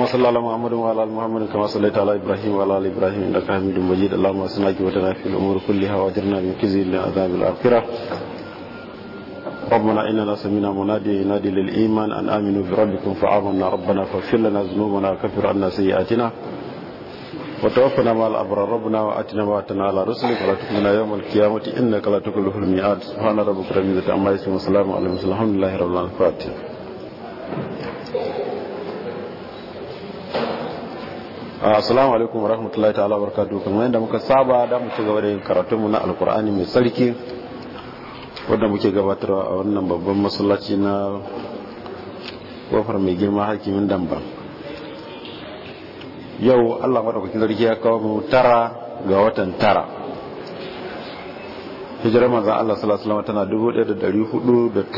اللهم صل على محمد وعلى ال محمد كما صليت على ابراهيم وعلى ال ابراهيم انك حميد مجيد اللهم اصلح عاقبتنا في الامور كلها واجرنا من كزي عذاب الاخره ربنا اننا سمينا منادي ينادي للايمان ان امنوا بربكم فامنا ربنا فاغفر لنا ذنوبنا وكفر عنا سيئاتنا وتوفنا مع الابرار ربنا واتنا ما وعدتنا على رسلك ولا تكلنا يوم القيامه انك لا تكلف الميعاد سبحان ربك رب العزه عما يصفون وسلام على المرسلين الحمد لله رب العالمين Ah, assalamu alaikum warahmatullahi ta'ala barakatuh kamar yadda muka saba da mu ci gaba da yin karatunmu na alkur'ani mai sarki wanda muke gabatarwa a wannan babban masallaci na kofar mai girma hakimin damba yau allah maɗaukakin sarki ya kawo mu tara ga watan tara hijirar manzan allah salasalama tana 1438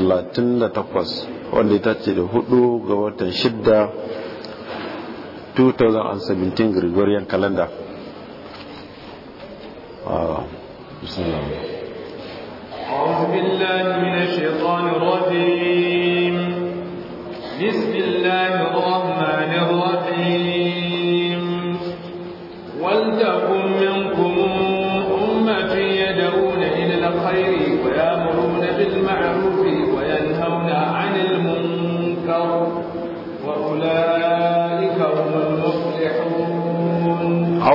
wanda ita ce da hudu ga watan shidda 2017 Gregorian calendar. آه. بسم الله. أعوذ بالله من الشيطان الرجيم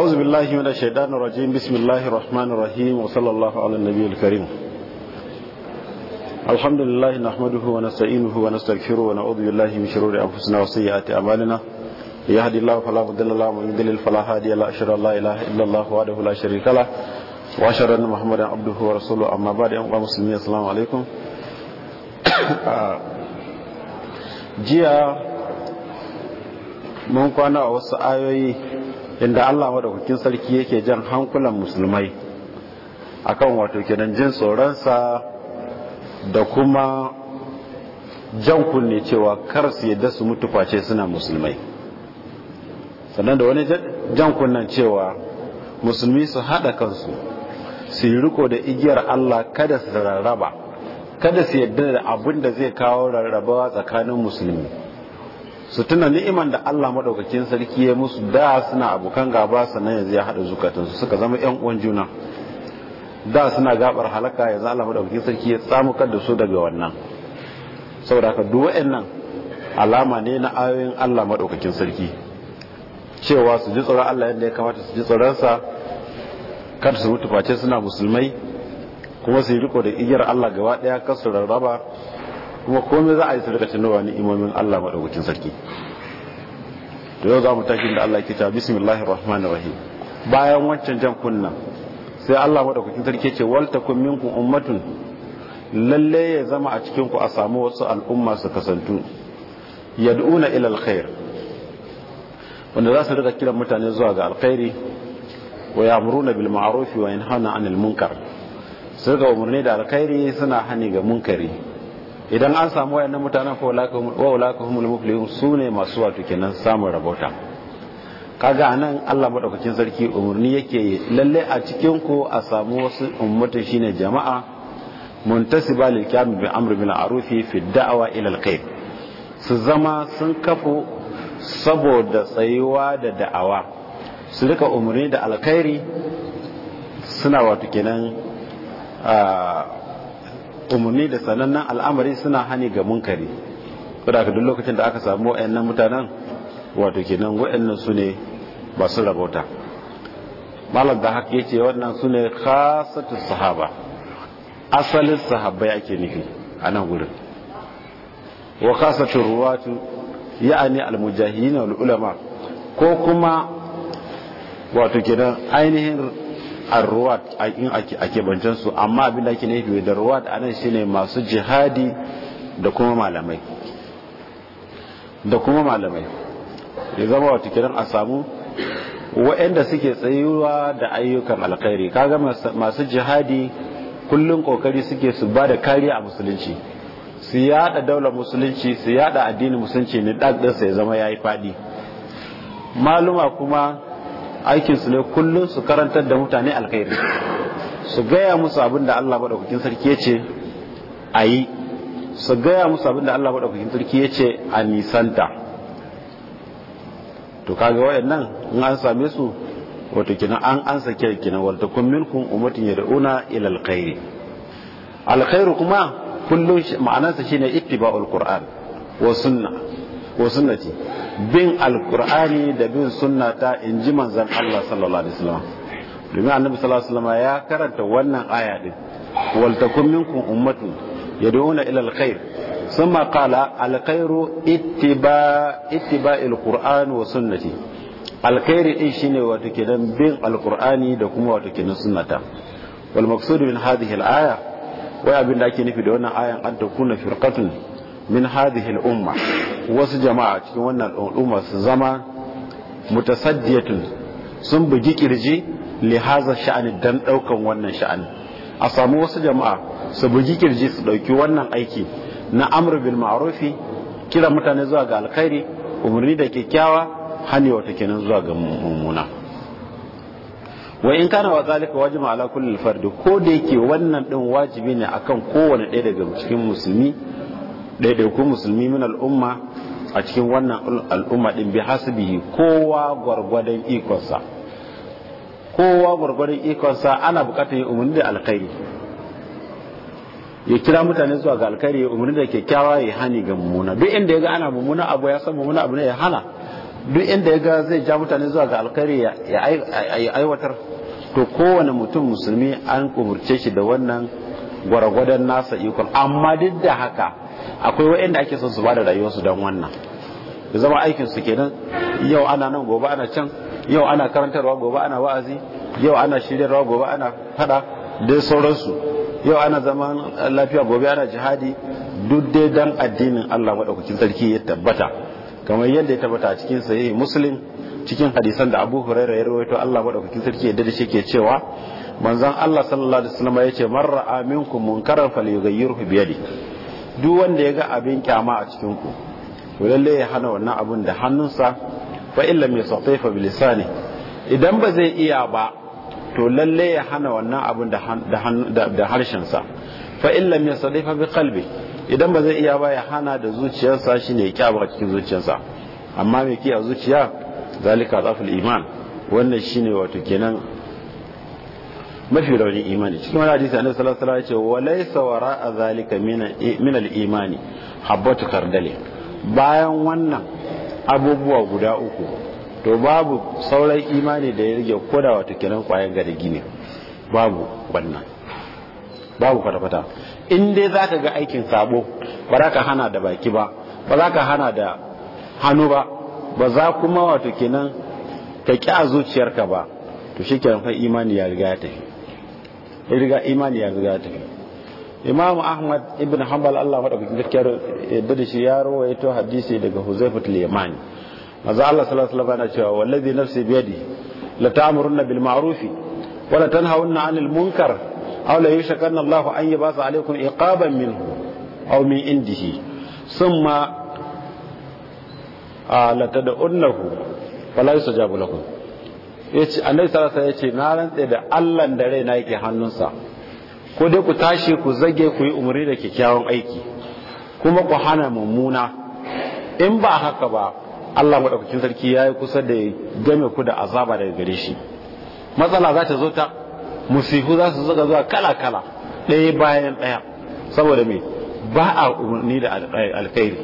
أعوذ بالله من الشيطان الرجيم بسم الله الرحمن الرحيم وصلى الله على النبي الكريم الحمد لله نحمده ونستعينه ونستغفره ونعوذ بالله من شرور أنفسنا وسيئات أعمالنا يهدي الله فلا مضل له ومن يضلل فلا هادي له أشهد أن لا إله إلا الله وحده لا شريك له وأشهد أن محمدا عبده ورسوله أما بعد أيها المسلمين السلام عليكم jiya mun kwana a wasu ayoyi inda Allah madaukakin sarki yake jan hankulan musulmai akan wato kenan jin tsoronsa da kuma jan kunne cewa kar su yadda su mutu face suna musulmai sannan da wani jan kunnen cewa musulmi su haɗa kansu su yi riko da igiyar Allah kada su rarraba kada su yadda da abin da zai kawo rarrabawa tsakanin musulmi su tuna ni'iman da Allah madaukakin sarki ya musu da suna abokan gaba sannan yanzu ya haɗa zukatansu suka zama ƴan uwan juna da suna gabar halaka yanzu Allah madaukakin sarki ya kar da su daga wannan saboda haka duk waɗannan alama ne na ayoyin Allah Maɗaukakin sarki cewa su ji tsoron Allah yadda ya kamata su ji tsoron sa, kar su mutu face suna musulmai kuma su yi riko da igiyar Allah gaba ɗaya kar su rarraba kuma komai za a yi sadaka tunawa imomin Allah maɗaukacin sarki to yau za mu tashi da Allah ke ta bismillahi rahmanir rahim bayan wancan jan kunna sai Allah maɗaukacin sarki ce wal takum minkum ummatun lalle ya zama a cikin ku a samu wasu al'umma su kasantu yad'una ila alkhair wanda za su rika kiran mutane zuwa ga alkhairi wa ya'muruna bil ma'ruf wa yanhana 'anil munkar su ga umarni da alkhairi suna hani ga munkari idan an samu wayannan mutanen fa wa humul muflihun sune masu wato kenan samun rabota kaga anan Allah madaukakin sarki umurni yake lalle a cikin ku a samu wasu ummata shine jama'a muntasiba lil ba bi amri bil ma'ruf fi da'wa ila al su zama sun kafu saboda tsayuwa da da'awa su rika umarni da alkhairi suna wato kenan ah, umarni da sanannen al'amari suna hani ga munkari saboda duk lokacin da aka samu nan mutanen wato kenan wayannan su ne ba su rabauta malam da haka yake wannan su ne khasatu sahaba asalin sahabbai ake nufi a nan gurin wa khasatu ruwatu ya'ani al wal ulama ko kuma wato kenan ainihin arruwat a in a kebancen su amma abin da ake nufi da ruwat anan shine masu jihadi da kuma malamai da kuma malamai ya zama wata kiran a samu waɗanda suke tsayuwa da ayyukan alkhairi kaga masu jihadi kullum kokari suke su ba da kariya a musulunci su yada daular musulunci su yada addinin musulunci ne ɗansa ya zama ya yi faɗi maluma kuma aikinsu ne kullum su karantar da mutane alkhairi su gaya musu abin da Allah maɗaukakin sarki ya ce a yi su gaya musu abin da Allah maɗaukakin sarki ya ce a nisanta to kaga wayannan in an same su wato kina an ansa sake kina wal kun minkum ummatin yad'una ila alkhairi alkhairu kuma kullum ma'anarsa shine ittiba'ul qur'an wa sunna wa sunnati bin alkur'ani da bin sunnata in ji manzan Allah sallallahu alaihi wasallam domin annabi sallallahu alaihi wasallam ya karanta wannan aya din wal takum minkum ummatun yad'una ila alkhair thumma qala alkhairu ittiba ittiba'il qur'an wa sunnati alkhairi din shine wato kenan bin alkur'ani da kuma wato kenan sunnata wal maqsud min hadhihi alaya wai abinda ake nufi da wannan ayan an takuna firqatun min hadhihi al-umma wasu jama'a cikin wannan al'umma su zama mutasaddiyatun sun bugi kirji li haza sha'ani dan daukan wannan sha'ani a samu wasu jama'a su bugi kirji su dauki wannan aiki na amru bil ma'rufi kira mutane zuwa ga alkhairi umarni da kyakkyawa hani wata kenan zuwa ga mummuna wa in kana wa zalika wajibi ala kulli fard ko da yake wannan din wajibi ne akan kowane ɗaya daga cikin musulmi ɗaiɗaiku musulmi min al'umma a cikin wannan al'umma ɗin bi hasbihi kowa gwargwadon ikonsa kowa gwargwadon ikonsa ana buƙatar yi umarni da alkhairi ya kira mutane zuwa ga alkhairi ya umarni da kyakkyawa ya hani ga mummuna duk inda ya ga ana mummuna abu ya san mummuna abu ne ya hana duk inda ya ga zai ja mutane zuwa ga alkhairi ya aiwatar to kowane mutum musulmi an umurce shi da wannan gwargwadon nasa ikon amma duk da haka akwai waɗanda ake son su ba da rayuwarsu don wannan da zama aikin su kenan yau ana nan gobe ana can yau ana karantarwa gobe ana wa'azi yau ana shiryarwa gobe ana fada da sauransu yau ana zaman lafiya gobe ana jihadi duk dai dan addinin Allah madaukakin sarki ya tabbata kamar yadda ya tabbata a cikin sahihi muslim cikin hadisan da Abu Hurairah ya rawaito Allah madaukakin sarki ya dade shi ke cewa manzon Allah sallallahu alaihi wasallam ya ce man ra'a minkum munkaran falyughayyirhu bi yadihi duk wanda ya ga abin kyama a cikin ku to lalle ya hana wannan abin da hannunsa fa illa mai satifa bilisani idan ba zai iya ba to lalle ya hana wannan abin da harshensa fa illa mai satifa bi qalbi idan ba zai iya ba ya hana da zuciyarsa ne ya kyaba cikin zuciyarsa amma mai kiya zuciya zalika zaful iman wannan shine wato kenan mafi raunin imani cikin wani hadisi annabi sallallahu alaihi wasallam ya ce walaysa wara'a zalika min al-imani habbatu kardale bayan wannan abubuwa guda uku to babu sauran imani da ya rage koda wato kiran kwayan gari gine babu wannan babu kwata fata in dai za ka ga aikin sabo ba za ka hana da baki ba ba za ka hana da hannu ba ba za kuma wato kinan ka ƙi a zuciyarka ba to shi fa imani ya riga ya tafi riga imani ya riga ta imamu ahmad ibn hanbal allah wa gaskiyar yadda da shi ya to hadisi daga al yamani maza allah sallallahu alaihi wasallam cewa wallazi nafsi yadi la ta'muruna bil ma'ruf wa la tanhauna 'anil munkar aw la yushakanna allah an yabasa alaykum iqaban minhu aw min indihi thumma la tad'unahu wa la lakum yace annabi sallallahu alaihi wasallam yace na rantse da Allah da rai na yake hannunsa ko dai ku tashi ku zage ku yi umarni da kyakkyawan aiki kuma ku hana mummuna in ba haka ba Allah madaukakin sarki yayi kusa da game ku da azaba daga gare shi matsala za ta zo ta musihu za su zuga zuwa kala kala ɗaya bayan ɗaya saboda me ba a umarni da alkhairi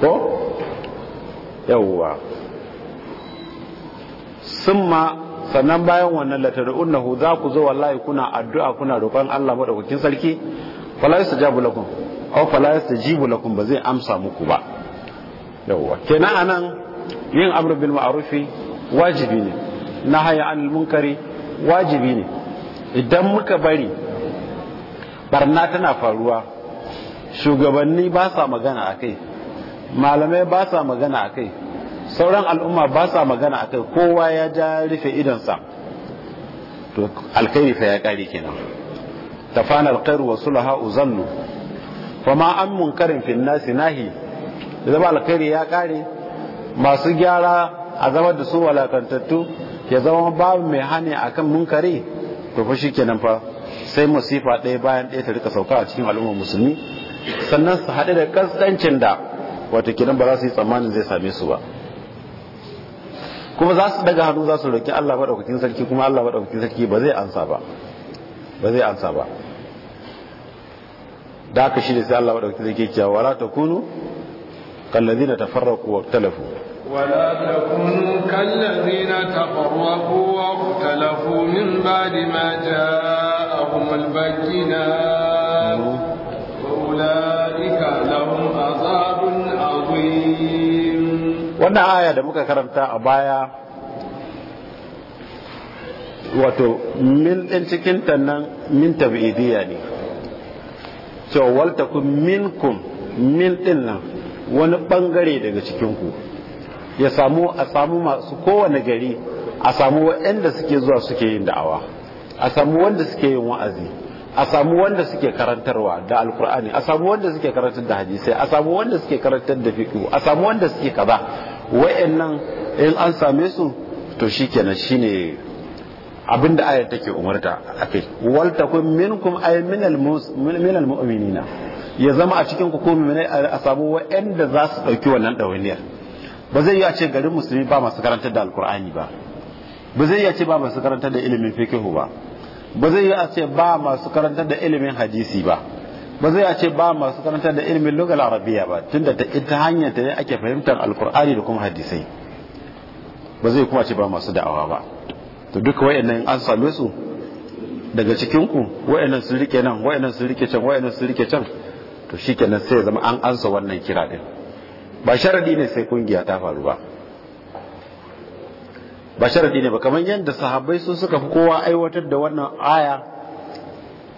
ko yawwa summa sannan bayan wannan latad'unnahu za ku zo wallahi kuna addu'a kuna roƙon Allah madaukakin sarki fala yastajabu lakum aw fala yastajibu lakum ba zai amsa muku ba yawa kenan anan yin amru bil ma'rufi wajibi ne nahyi anil munkari wajibi ne idan muka bari barna tana faruwa shugabanni ba sa magana akai malamai ba sa magana akai sauran al'umma ba sa magana akai kowa ya ja rufe idonsa to alkhairi fa ya kare kenan tafana alkhair wa sulaha uzannu fa ma an munkarin fil nasi nahi zama alkhairi ya kare masu gyara a zama da su walakantattu ya zama babu mai hani akan munkari to fa shikenan fa sai musifa ɗaya bayan ɗaya ta rika sauka a cikin al'umma musulmi sannan su haɗe da kaskancin da wato kiran ba za su yi tsammanin zai same su ba kuma za su daga hannu za su roƙi Allah madaukakin sarki kuma Allah madaukakin sarki ba zai ansa ba ba zai ansa ba da aka shi da sai Allah madaukakin sarki ya ce wala takunu kallazina tafarraqu wa ikhtalafu ولا تكونوا كالذين تفرقوا واختلفوا من بعد ما ba البينات وأولئك na. wannan aya da muka karanta a baya wato min ɗin cikin nan min tabi'idiyya ne cewa min minkum min ɗin nan wani ɓangare daga cikinku ya samu a samu masu kowane gari a samu waɗanda suke zuwa suke yin da'awa a samu wanda suke yin wa'azi a samu wanda suke karantarwa da alkur'ani a samu wanda suke karantar da hadisai a samu wanda suke karantar da fiqh a samu wanda suke kaza wayannan in an same su to shikenan shine abinda ayar take umarta akai wal takum minkum ay minal minal mu'minina ya zama a cikin ku ko a samu wayanda za su dauki wannan dawainiyar ba zai yi a ce garin musulmi ba masu karantar da alkur'ani ba ba zai yi a ce ba masu karantar da ilimin fiqh ba ba zai yi a ce ba masu karantar da ilimin hadisi ba ba zai a ce ba masu karantar da ilimin lugal arabiya ba tunda ta ita hanyar ta ne ake fahimtar alkur'ani da kuma hadisai ba zai kuma ce ba masu da'awa ba to duka wayannan an same su daga cikin ku wayannan sun rike nan wayannan sun rike can wayannan sun rike can to shikenan sai ya zama an ansa wannan kira din ba sharadi ne sai kungiya ta faru ba ba sharadi ne ba kamar yadda sahabbai su suka fi kowa aiwatar da wannan aya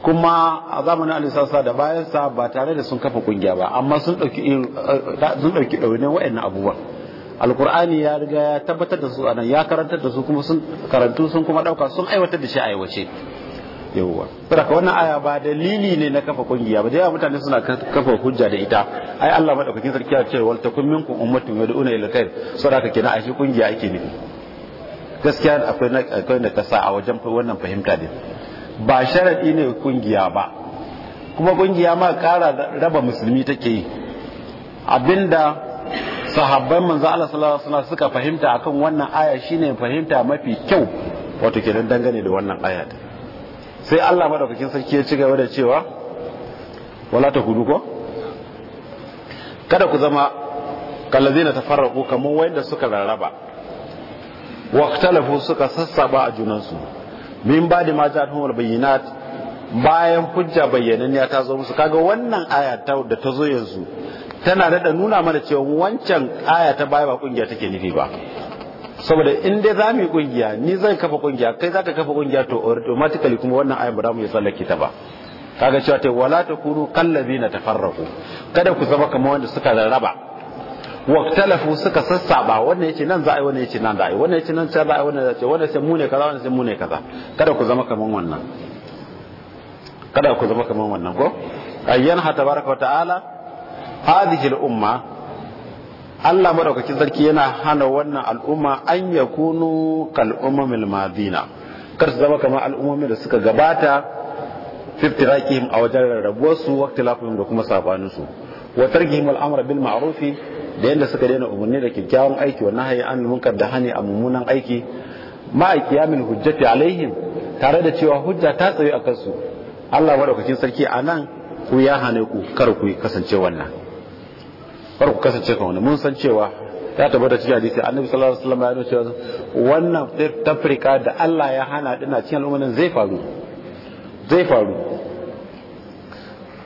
kuma a zamanin alisasa da bayansa ba tare da sun kafa kungiya ba amma sun ɗauki ɗaunin wa'in abubuwan alkur'ani ya riga ya tabbatar da su anan ya karantar da su kuma sun karantu sun kuma ɗauka sun aiwatar da shi aiwace yawwa saboda wannan aya ba dalili ne na kafa kungiya ba da yawa mutane suna kafa hujja da ita ai Allah madaukakin sarki ya ce wal takum minkum ummatun yad'una ila khair saboda haka kenan ashe kungiya ake nufi gaskiya akwai akwai na kasa a wajen wannan fahimta din ba sharadi ne kungiya ba kuma kungiya ma kara raba musulmi take yi abinda sahabban manzo Allah sallallahu alaihi wasallam suka fahimta akan wannan aya shine fahimta mafi kyau wato kenan dangane da wannan aya sai Allah madaukakin sarki ya ci gaba da cewa wala ta hudu ko kada ku zama kallazina tafarraqu kamar wanda suka rarraba wa ikhtalafu suka sassaba a junansu min ba da mata tuhumar bayyinat bayan hujja ya ta zo musu kaga wannan aya ta da ta zo yanzu tana da nuna mana cewa wancan aya ta baya ba kungiya take nufi ba saboda in dai za mu yi kungiya ni zan kafa kungiya kai za ka kafa kungiya to automatically kuma wannan aya ba za mu yi tsallake ta ba kaga cewa ta wala takunu kallazina tafarraqu kada ku zama kamar wanda suka rarraba waktalafu suka sassaba wannan yace nan za a yi wannan yace nan da a yi wannan yace nan za a yi wannan za a yi wannan sai mu ne kaza wannan sai mu ne kaza kada ku zama kaman wannan kada ku zama kaman wannan ko ayyan ha tabaraka ta'ala hadhihi al-umma Allah madaukakin sarki yana hana wannan al'umma an yakunu kal umamil madina kar su zama kamar al'ummomi da suka gabata fiftirakihim a wajen rarrabuwarsu waktilafihim da kuma sabaninsu wa targihim al'amra bil ma'rufi da yadda suka daina umarni da kyakkyawan aiki wannan nahayi an munkar da hani a mummunan aiki min hujja hujjati alaihim tare da cewa hujja ta tsaye a kansu Allah madaukakin sarki a nan ku ya hane ku kar ku kasance wannan kar ku kasance kan wannan mun san cewa ya tabbata cikin hadisi annabi sallallahu alaihi wasallam ya nuna cewa wannan tafrika da Allah ya hana dina cikin al'umman zai faru zai faru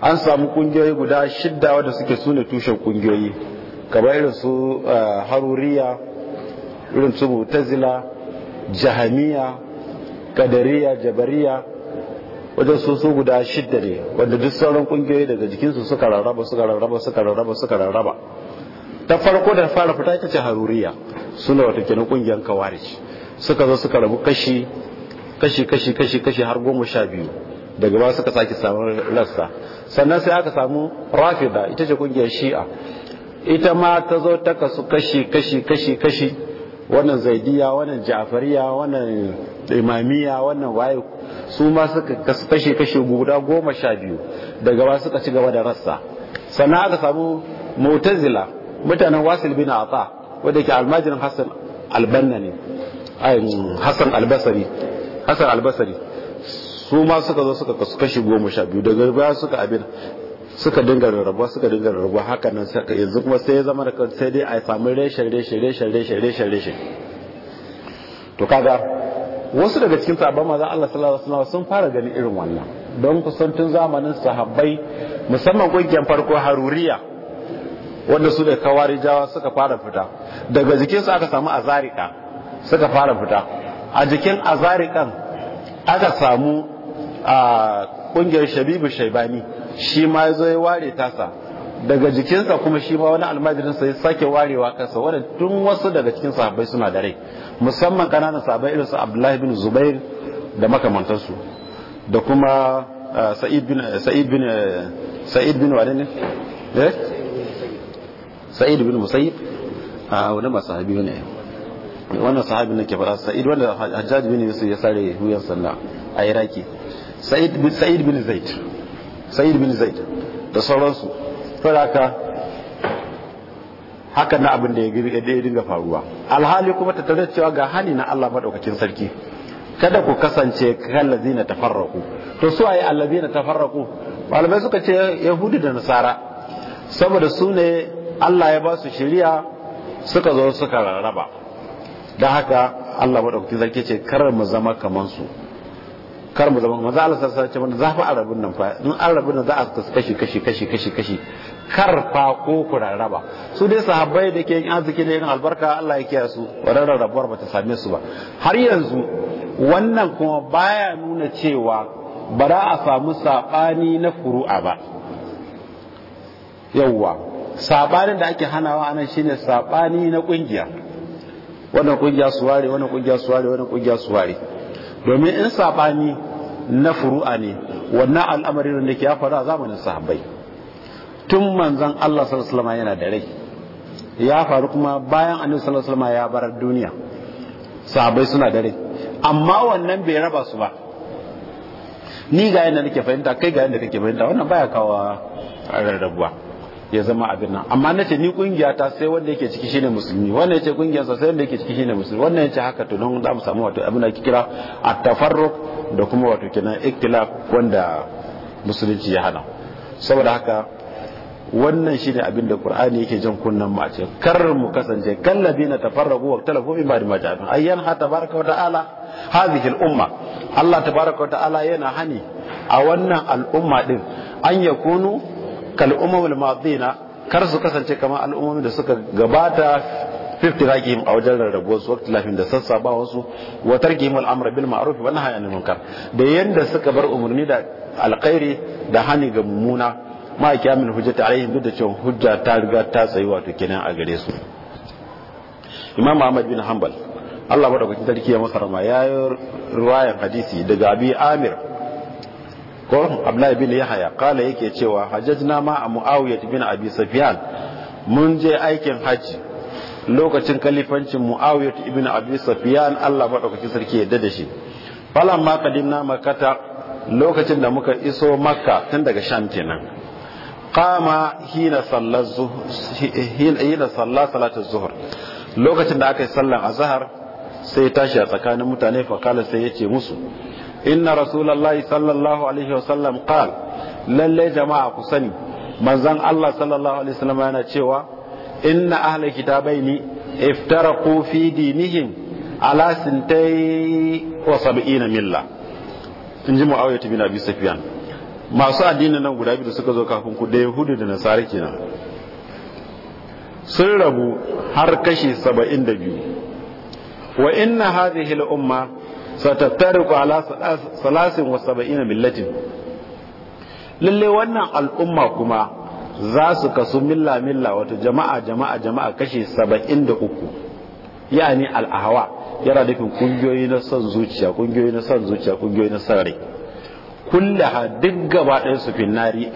an samu kungiyoyi guda shidda wadda suke sune tushen kungiyoyi kamar irin su eh, haruriya irin su mutazila jahamiya kadariya jabariya wajen su su guda shidda ne wanda duk sauran kungiyoyi daga jikinsu suka rarraba suka rarraba suka rarraba suka rarraba ta farko da fara fita ita ce haruriya suna wata kenan kungiyar kawarici suka zo suka rabu kashi kashi kashi kashi kashi har goma sha biyu daga ba suka sake samun lassa. sannan sai aka samu rafida ita ce kungiyar shi'a ita ma ta zo ta kasu kashi kashi kashi kashi wannan zaidiya wannan ja'fariya wannan imamiya wannan waye su ma suka kasu kashi kashi guda goma sha biyu daga ba suka ci gaba da rassa sannan aka samu mutazila mutanen wasil bin ata wanda ke almajirin hassan albanna ne hassan albasari hassan albasari su ma suka zo suka kasu kashi goma sha biyu daga ba suka abin suka dinga rarrabuwa suka dinga rarrabuwa haka nan yanzu kuma sai ya zama da sai dai a samu reshen reshen reshen reshen reshen reshen to kaga wasu daga cikin sahabban manzon Allah sallallahu alaihi wasallam sun fara ganin irin wannan don kusan tun zamanin sahabbai musamman kungiyar farko haruriya wanda su da jawa suka fara fita daga jikinsu aka samu azarika suka fara fita a jikin azarikan aka samu a kungiyar shabibu shaibani shi ma ya zo ya ware tasa daga jikinsa kuma shi ma wani almajirin ya sake warewa kansa wanda tun wasu daga cikin sahabbai suna da rai musamman kananan sahabbai irin su abdullahi bin zubair da makamantansu da kuma eh, sa'id bin sa'id bin sa'id bin wane ne eh sa'id bin musayyib a ah, wani masahabi ne wannan sahabin ke fara sa'id wanda hajjaj bin yusuf ya sare wuyan sallah a iraki sa'id bin sa'id bin zaid sa'id bin zaid da sauransu faraka haka na abin da ya dinga faruwa alhali kuma ta tare cewa ga hani na Allah madaukakin sarki kada ku kasance lazina tafarraku to su ai allazina tafarraku malamai suka ce yahudi da nasara saboda su ne Allah ya ba su shari'a suka zo suka rarraba da haka Allah madaukakin sarki ce kar mu zama kaman su kar mu zama maza Allah sallallahu alaihi za zafi arabin nan fa in arabin nan za a kashi kashi kashi kashi kashi kar fa ko ku rarraba su dai sahabbai da ke yin arziki da yin albarka Allah ya kiyaye su rabuwar ba ta same su ba har yanzu wannan kuma baya nuna cewa ba za a samu sabani na furu'a ba yawwa sabanin da ake hanawa anan shine sabani na kungiya wannan kungiya su ware wannan kungiya su ware wannan kungiya su ware domin in sabani na furu'a ne wannan al'amarin da ke ya faru a zamanin sahabbai tun manzon Allah sallallahu alaihi yana da rai ya faru kuma bayan annabi sallallahu alaihi ya bar duniya sahabbai suna da rai amma wannan bai raba su ba ni ga yanda nake fahimta kai ga yanda kake fahimta wannan baya kawo rarrabuwa ya zama abin nan amma na ce ni kungiya ta sai wanda yake ciki shine musulmi wannan yace kungiyar sa sai wanda yake ciki shine musulmi wannan yace haka to don za mu samu wato abin da ake kira at-tafarruq da kuma wato kenan ikhtilaf wanda musulunci ya hana saboda haka wannan shine abin da qur'ani yake jan kunnan mu a ce kar mu kasance ladina tafarraqu wa talafu min ba'di ma ja'ahum ayyan ha tabaraka wa ta'ala hadhihi al-umma Allah tabaraka wa ta'ala yana hani a wannan al'umma din an yakunu kal umamul kar su kasance kamar al'ummomin da suka gabata fiftiraqihim a wajen rarrabuwar su waqti lafin da ba wasu watar gimu al'amura bil ma'ruf wani hanyar neman munkar da yadda suka bar umarni da alkhairi da hani ga mummuna ma hujja hujjata alaihim duk da cewa hujja ta riga ta tsayi wato kenan a gare su imam ahmad bin hanbal Allah madaukakin sarki ya masa rama ya yi ruwayan hadisi daga abi amir ko abdullahi bin yahaya kala yake cewa hajjajna ma a muawiyah bin abi sufyan mun je aikin haji lokacin kalifancin muawiyah ibn abi sufyan Allah madaukakin sarki ya da shi falan ma kadinna makkata lokacin da muka iso makka tun daga sham kenan qama hina sallar hina sallar salatul zuhur lokacin da aka yi sallar azhar sai tashi a tsakanin mutane fa kala sai yace musu inna rasulullahi sallallahu alaihi wasallam qal lalle jama'a ku sani manzon Allah sallallahu alaihi wasallam yana cewa inna ahli kitabaini iftaraqu fi dinihim ala sintai wa sab'ina milla in ji mu'awiyah bin abi sufyan masu addinin nan guda biyu da suka zo kafin ku da yahudu da nasara kenan sun rabu har kashi saba'in da biyu. wa inna hadhihi al-umma satattariku ala salasin wa saba'in millatin lalle wannan al'umma kuma za su kasu milla milla wato jama'a jama'a jama'a kashi saba'in da uku yani al'ahawa yana nufin kungiyoyi na son zuciya kungiyoyi na son zuciya kungiyoyi na son rai kullaha duk gaba ɗayan su finnari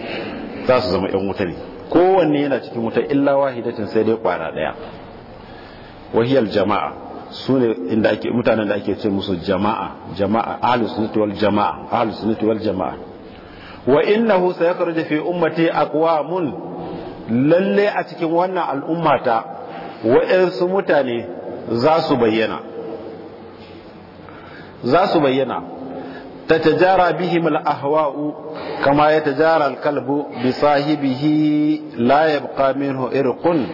za su zama yan wuta ne kowanne yana cikin wuta illa wahidatin sai dai kwana ɗaya wahiyar jama'a su ne inda ake mutanen da ake ce musu jama'a jama'a ahlus sunnati wal jama'a ahlus sunnati wal jama'a wa innahu sayakhruju fi ummati aqwamun lalle a cikin wannan al'ummata wa'ansu mutane za su bayyana za su bayyana tatajara bihim al-ahwa'u kama yatajara al-kalbu bi sahibihi la yabqa minhu irqun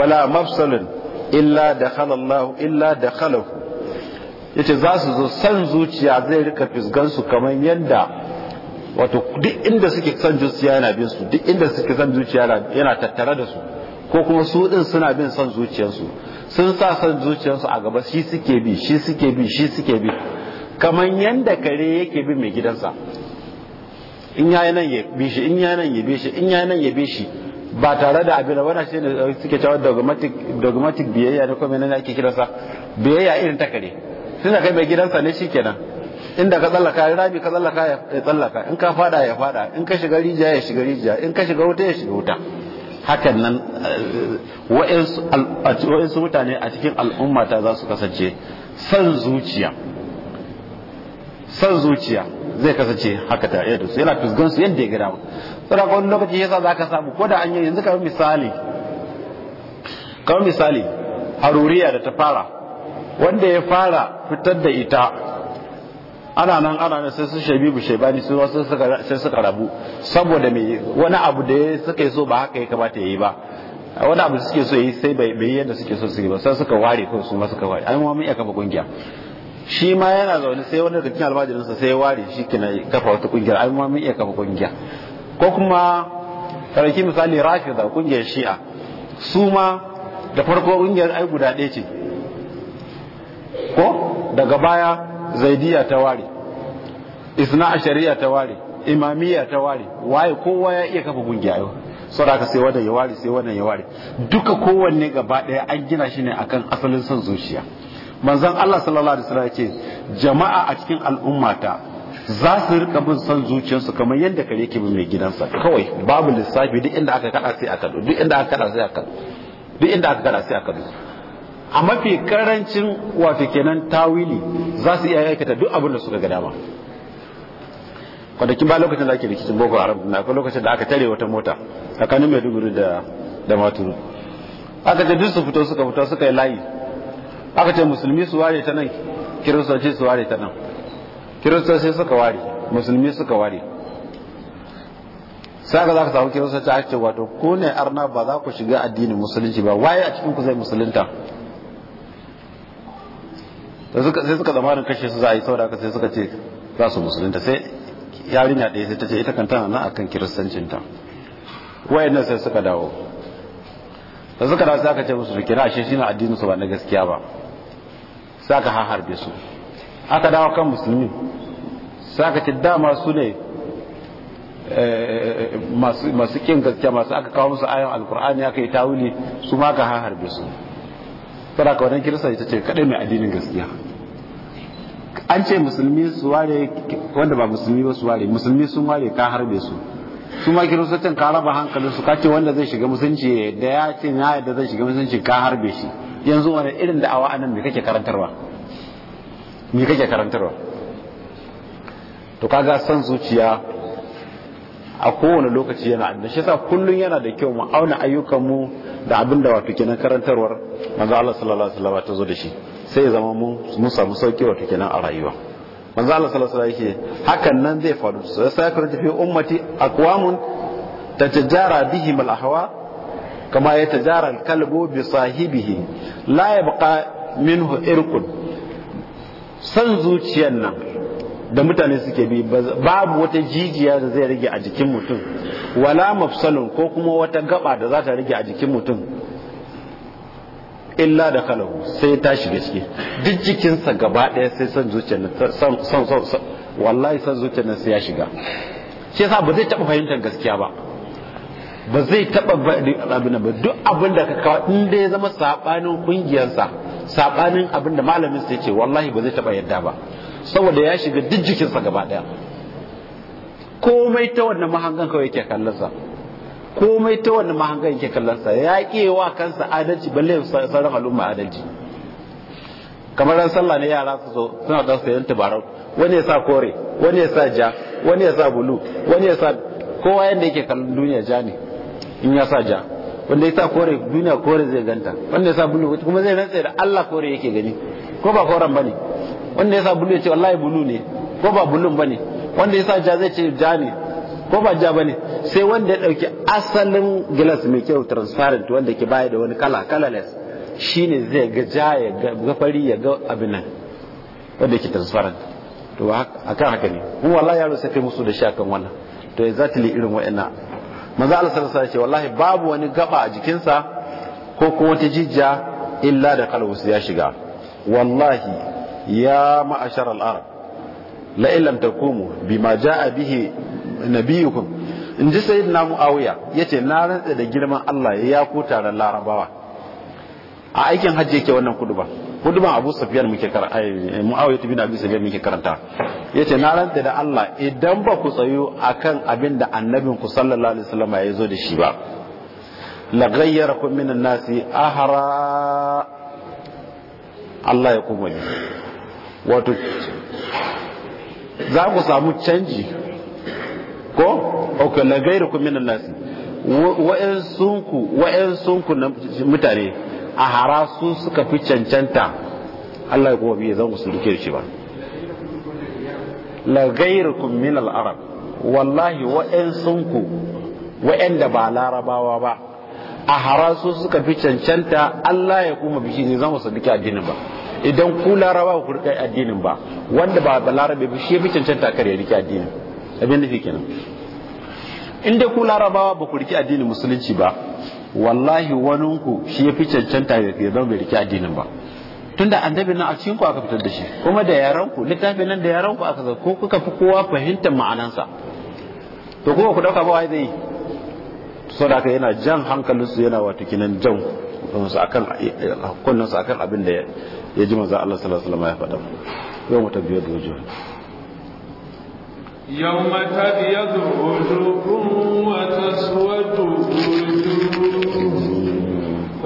wala mafsalun illa da halallahu illa da halahu yace za su zo san zuciya zai rika fisgan su kamar yadda wato duk inda suke san zuciya yana bin su duk inda suke san zuciya yana tattare da su ko kuma su din suna bin san zuciyarsu sun sa san zuciyarsu a gaba shi suke bi shi suke bi shi suke bi kamar yadda kare yake bi mai gidansa in yayi nan ya bi shi in yayi nan ya bi shi in yayi nan ya bi shi ba tare da abin wani shi ne suke cewa dogmatic biyayya ne kuma ne ake kiransa biyayya irin ta kare suna kai mai gidansa ne shikenan inda ka tsallaka ya rabi ka tsallaka ya tsallaka in ka fada ya fada in ka shiga rijiya ya shiga rijiya in ka shiga wuta ya shiga wuta hakan nan eh, wa'insu mutane a cikin al'ummata za su kasance san zuciya san zuciya zai kasance haka ta yadda eh, su yana fusgan yadda ya gida saboda wani lokaci yasa ka samu ko da an yi yanzu kamar misali kamar misali haruriya da ta fara wanda ya fara fitar da ita ana nan ana nan sai su shabibu shaibani su wasu sai suka rabu saboda mai wani abu da ya suka so ba haka ya kamata ya yi ba wani abu suke so yi sai bai yi yadda suke so su yi ba sai suka ware ko su ma suka ware ma mun iya kafa kungiya shi ma yana zaune sai wani daga cikin sai ya ware shi kina kafa wata kungiya ma mun iya kafa kungiya ko kuma ɗauki misali rafida ƙungiyar shi'a su ma da farko ƙungiyar ai guda ɗaya ce ko daga baya zaidiya ta ware isna a shari'a ta ware imamiyya ta ware waye kowa ya iya kafa kungiya yau Sau da aka sai wannan ya ware sai wannan ya ware duka kowanne gaba ɗaya an gina shi ne akan asalin son zuciya manzon Allah sallallahu alaihi wasallam ya ce jama'a a cikin al'ummata za su rika bin son zuciyarsu kamar yadda kare ke bi mai gidansa kawai babu lissafi duk inda aka kada sai aka duk inda aka kada sai aka duk inda aka kada sai aka a mafi karancin wato kenan tawili za su iya aikata duk abin da suka ga dama kwanakin ba lokacin da ake rikicin boko haram na akwai lokacin da aka tare wata mota tsakanin maiduguri da da maturu aka ce duk su fito suka fito suka yi layi aka ce musulmi su ware ta nan kiristoci su ware ta nan kiristoci suka ware musulmi suka ware sai ga za ka samu kiristoci a ce wato ko ne arna ba za ku shiga addinin musulunci ba waye a cikin ku zai musulunta sai suka zama kashe su za a yi saboda haka sai suka ce za su musulunta sai yarinya ɗaya sai ta ce ita kan tana nan akan kiristancinta nan sai suka dawo da suka dawo sai aka ce musu fikira ashe na addinin su ba na gaskiya ba sai aka harbe su aka dawo kan musulmi saka ce dama su ne eh, masu kin gaske masu aka kawo musu ayon alkur'ani aka yi tawuli su ma ka harbe su kada ka wani kirista ita ce kadai mai addinin gaskiya an ce musulmi su ware wanda ba musulmi ba su ware musulmi sun ware ka harbe su su ma kiristocin ka raba hankalin su kace wanda zai shiga musulunci da ya ce na yadda zai shiga musulunci ka harbe shi yanzu wani irin da'awa anan mai kake karantarwa ni kake karantarwa to kaga son zuciya a kowane lokaci yana annan shi yasa kullun yana da kyau mu auna ayyukan mu da abin da wato kenan karantarwar manzo Allah sallallahu alaihi wasallam ta zo da shi sai ya zama mu mun samu sauki wato kenan a rayuwa manzo Allah sallallahu alaihi wasallam yake hakan nan zai faru sai sai ka rufe ummati aqwamun tatajara bihim al-ahwa kama yatajara al-kalbu bi sahibihi la yabqa minhu irqun San zuciyar nan da mutane suke bi babu wata jijiya da zai rage a jikin mutum wala mafsalun ko kuma wata gaba da za ta rage a jikin mutum illa da kalahu sai ta shiga ciki duk jikinsa gaba ɗaya sai son zuciyar nan son san wallahi san zuciyar nan sai ya shiga shi yasa ba zai taɓa fahimtar gaskiya ba ba zai taba abin ba duk abin da ka kawo in da ya zama sabanin kungiyarsa sabanin abin da malamin sai ce wallahi ba zai taba yadda ba saboda ya shiga duk jikinsa gaba daya komai ta wannan mahangan kawai yake kallonsa komai ta wannan mahangan yake kallon ya ya wa kansa adalci balle sauran al'umma adalci kamar ran sallah ne yara su zo suna dan sayan tabarau wani ya sa kore wani ya sa ja wani ya sa bulu wani ya sa kowa yanda yake kallon duniya ja ne in ya sa ja wanda ya sa kore duniya kore zai ganta wanda ya sa bulu kuma zai rantsa da Allah kore yake gani ko ba koren bane wanda ya sa bulu ya ce wallahi bulu ne ko ba bulun bane wanda ya sa ja zai ce ja ne ko ba ja bane sai wanda ya dauki asalin glass mai kyau transparent wanda ke baya da wani kala colorless shine zai ga ja ya ga fari ya ga abin nan wanda ke transparent to akan haka ne mu wallahi yaro sai kai musu da shi wannan to exactly irin wa'annan manzo Allah sallallahu alaihi wallahi babu wani gaba a jikinsa ko kuma wata jijja illa da kalwus ya shiga wallahi ya ma'ashar al-arab la in lam takumu bima jaa bihi nabiyukum in ji sayyidina muawiya yace na rantsa da girman Allah ya ku taron larabawa a aikin hajji yake wannan kudu ba ma abu sufyan muke karanta muawiya bin abi sufyan muke karanta yace na ranta da Allah idan ba ku tsayu akan abin da annabin ku sallallahu alaihi wasallam ya zo da shi ba la ghayyarakum minan nasi ahra Allah ya kuma ni wato za ku samu canji ko ok la ghayyarakum minan nasi wa'in sunku wa'in sunku mutane a hara su suka fi cancanta Allah ya kuma biye zan ku da shi ba la ghayrukum min al arab wallahi wa inda ba larabawa ba a hara su suka fi cancanta Allah ya kuma bishi ne zan ku sulke addinin ba idan ku larabawa ku rika addinin ba wanda ba larabe ba shi fi cancanta kare rike addinin abin nufi kenan in dai ku larabawa ba ku rike addinin musulunci ba wallahi waninku shi ya fi cancanta ya zama bai rike addinin ba tunda annabi nan a cikinku aka fitar da shi kuma da yaranku ku littafin nan da yaranku aka zaka ko kuka fi kowa fahimtar ma'anansa to kuma ku dauka ba wai zai saboda haka yana jan hankalin su yana wato kinan jan su akan kunnan su akan abin da ya ji manzo Allah sallallahu alaihi wasallam ya faɗa yau mu tabbiyar da wujuhu يوم تبيض وجوه وتسود وجوه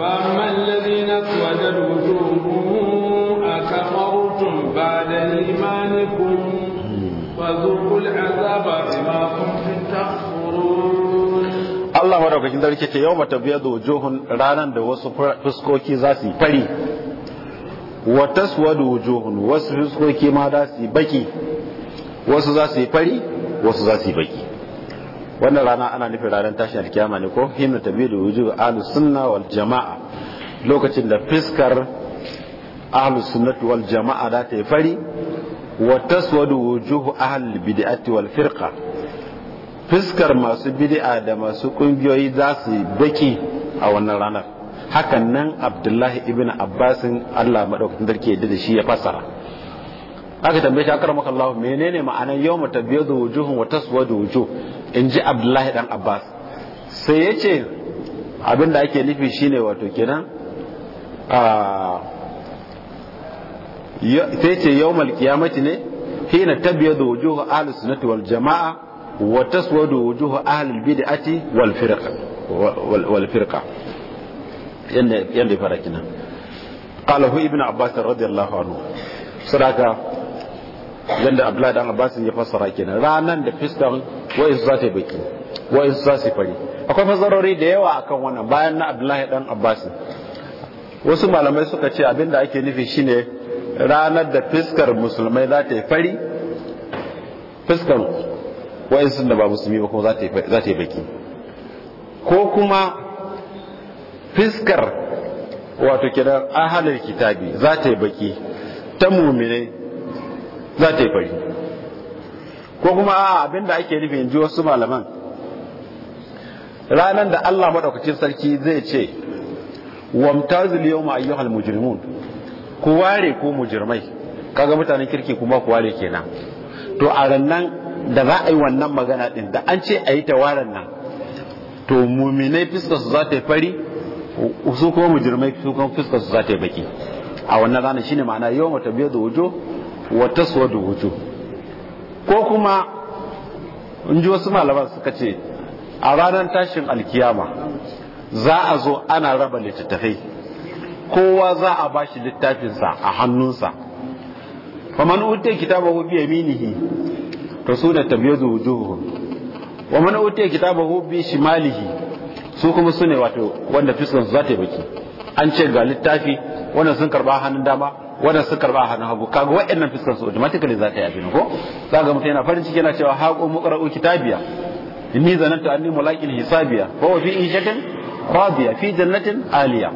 فأما الذين اسودت وجوههم أكفرتم بعد إيمانكم فذوقوا العذاب بما كنتم تكفرون Allah madaukakin sarki ce yau mata biya da wujuhun ranar da wasu fuskoki za su yi fari wa taswa da wujuhun wasu fuskoki ma za su yi baki wasu za su yi fari wasu za su yi baki wannan rana ana nufin ranar tashin alkiyama ne ko biyu da wujuh ahlus sunna wal jamaa lokacin da fiskar ahlus sunnati wal jamaa da ta fari wa taswadu wujuh ahlul bid'ati wal firqa fiskar masu bid'a da masu kungiyoyi za su baki a wannan ranar hakan nan abdullahi ibn abbasin allah maɗaukacin darki ke da shi ya fassara aka tambaye shi akramaka Allah menene ma'anar yawma tabyadu wujuhun wa taswadu wujuh in ji Abdullahi dan Abbas sai ya ce abinda ake nufi shine wato kenan sai ce yawmal qiyamati ne hina tabyadu wujuhu ahlus sunnati wal jamaa wa taswadu wujuhu ahlul bid'ati wal firqa wal firqa yanda yanda fara kenan قاله ابن عباس رضي الله عنه sadaka yadda abdullahi dan abbasin ya fassara kenan ranan da fiskan wa'insu za ta yi baki wa'insu za su fari akwai fassarori da yawa akan wannan bayan na abdullahi dan abbasin wasu malamai suka ce abinda ake nufi shine ranar da fiskar musulmai za ta yi fari fiskar wa'insu da ba musulmi ba kuma za ta yi baki ko kuma fiskar wato kenan ahalar kitabi za ta yi baki ta muminai za ta yi fari ko kuma abinda ake nufi in ji wasu malaman ranar da Allah maɗaukacin sarki zai ce ma ayyu hal mujrimun ku ware ko mujrimai kaga mutanen kirki kuma ku ware kenan to a rannan da za a yi wannan magana din da an ce a yi ta waran nan to muminai fuskar su za ta yi fari su kuma mujrimai su kuma fuskar su za ta yi baki a wannan ranar shine ma'ana yawma da wujo wa taswadu wujuh ko kuma in ji wasu malaman suka ce a ranar tashin alkiyama za a zo ana raba littattafai kowa za a ba shi littafinsa a hannunsa man utiya kitabahu bi yaminihi to suna tabyadu wujuhuhum wa man utiya kitabahu bi shimalihi su kuma sune wato wanda fiskan zata za ta yi baki an ce ga littafi wannan sun karba hannun dama wadanda suka karba hannun hagu kaga wa'annan fuskar su automatically za ta yi abin ko za ga mutum yana farin ciki yana cewa haƙo muƙara'u kitabiya inni zanatu anni mulakin hisabiya fa wa fi ijatin radiya fi jannatin aliya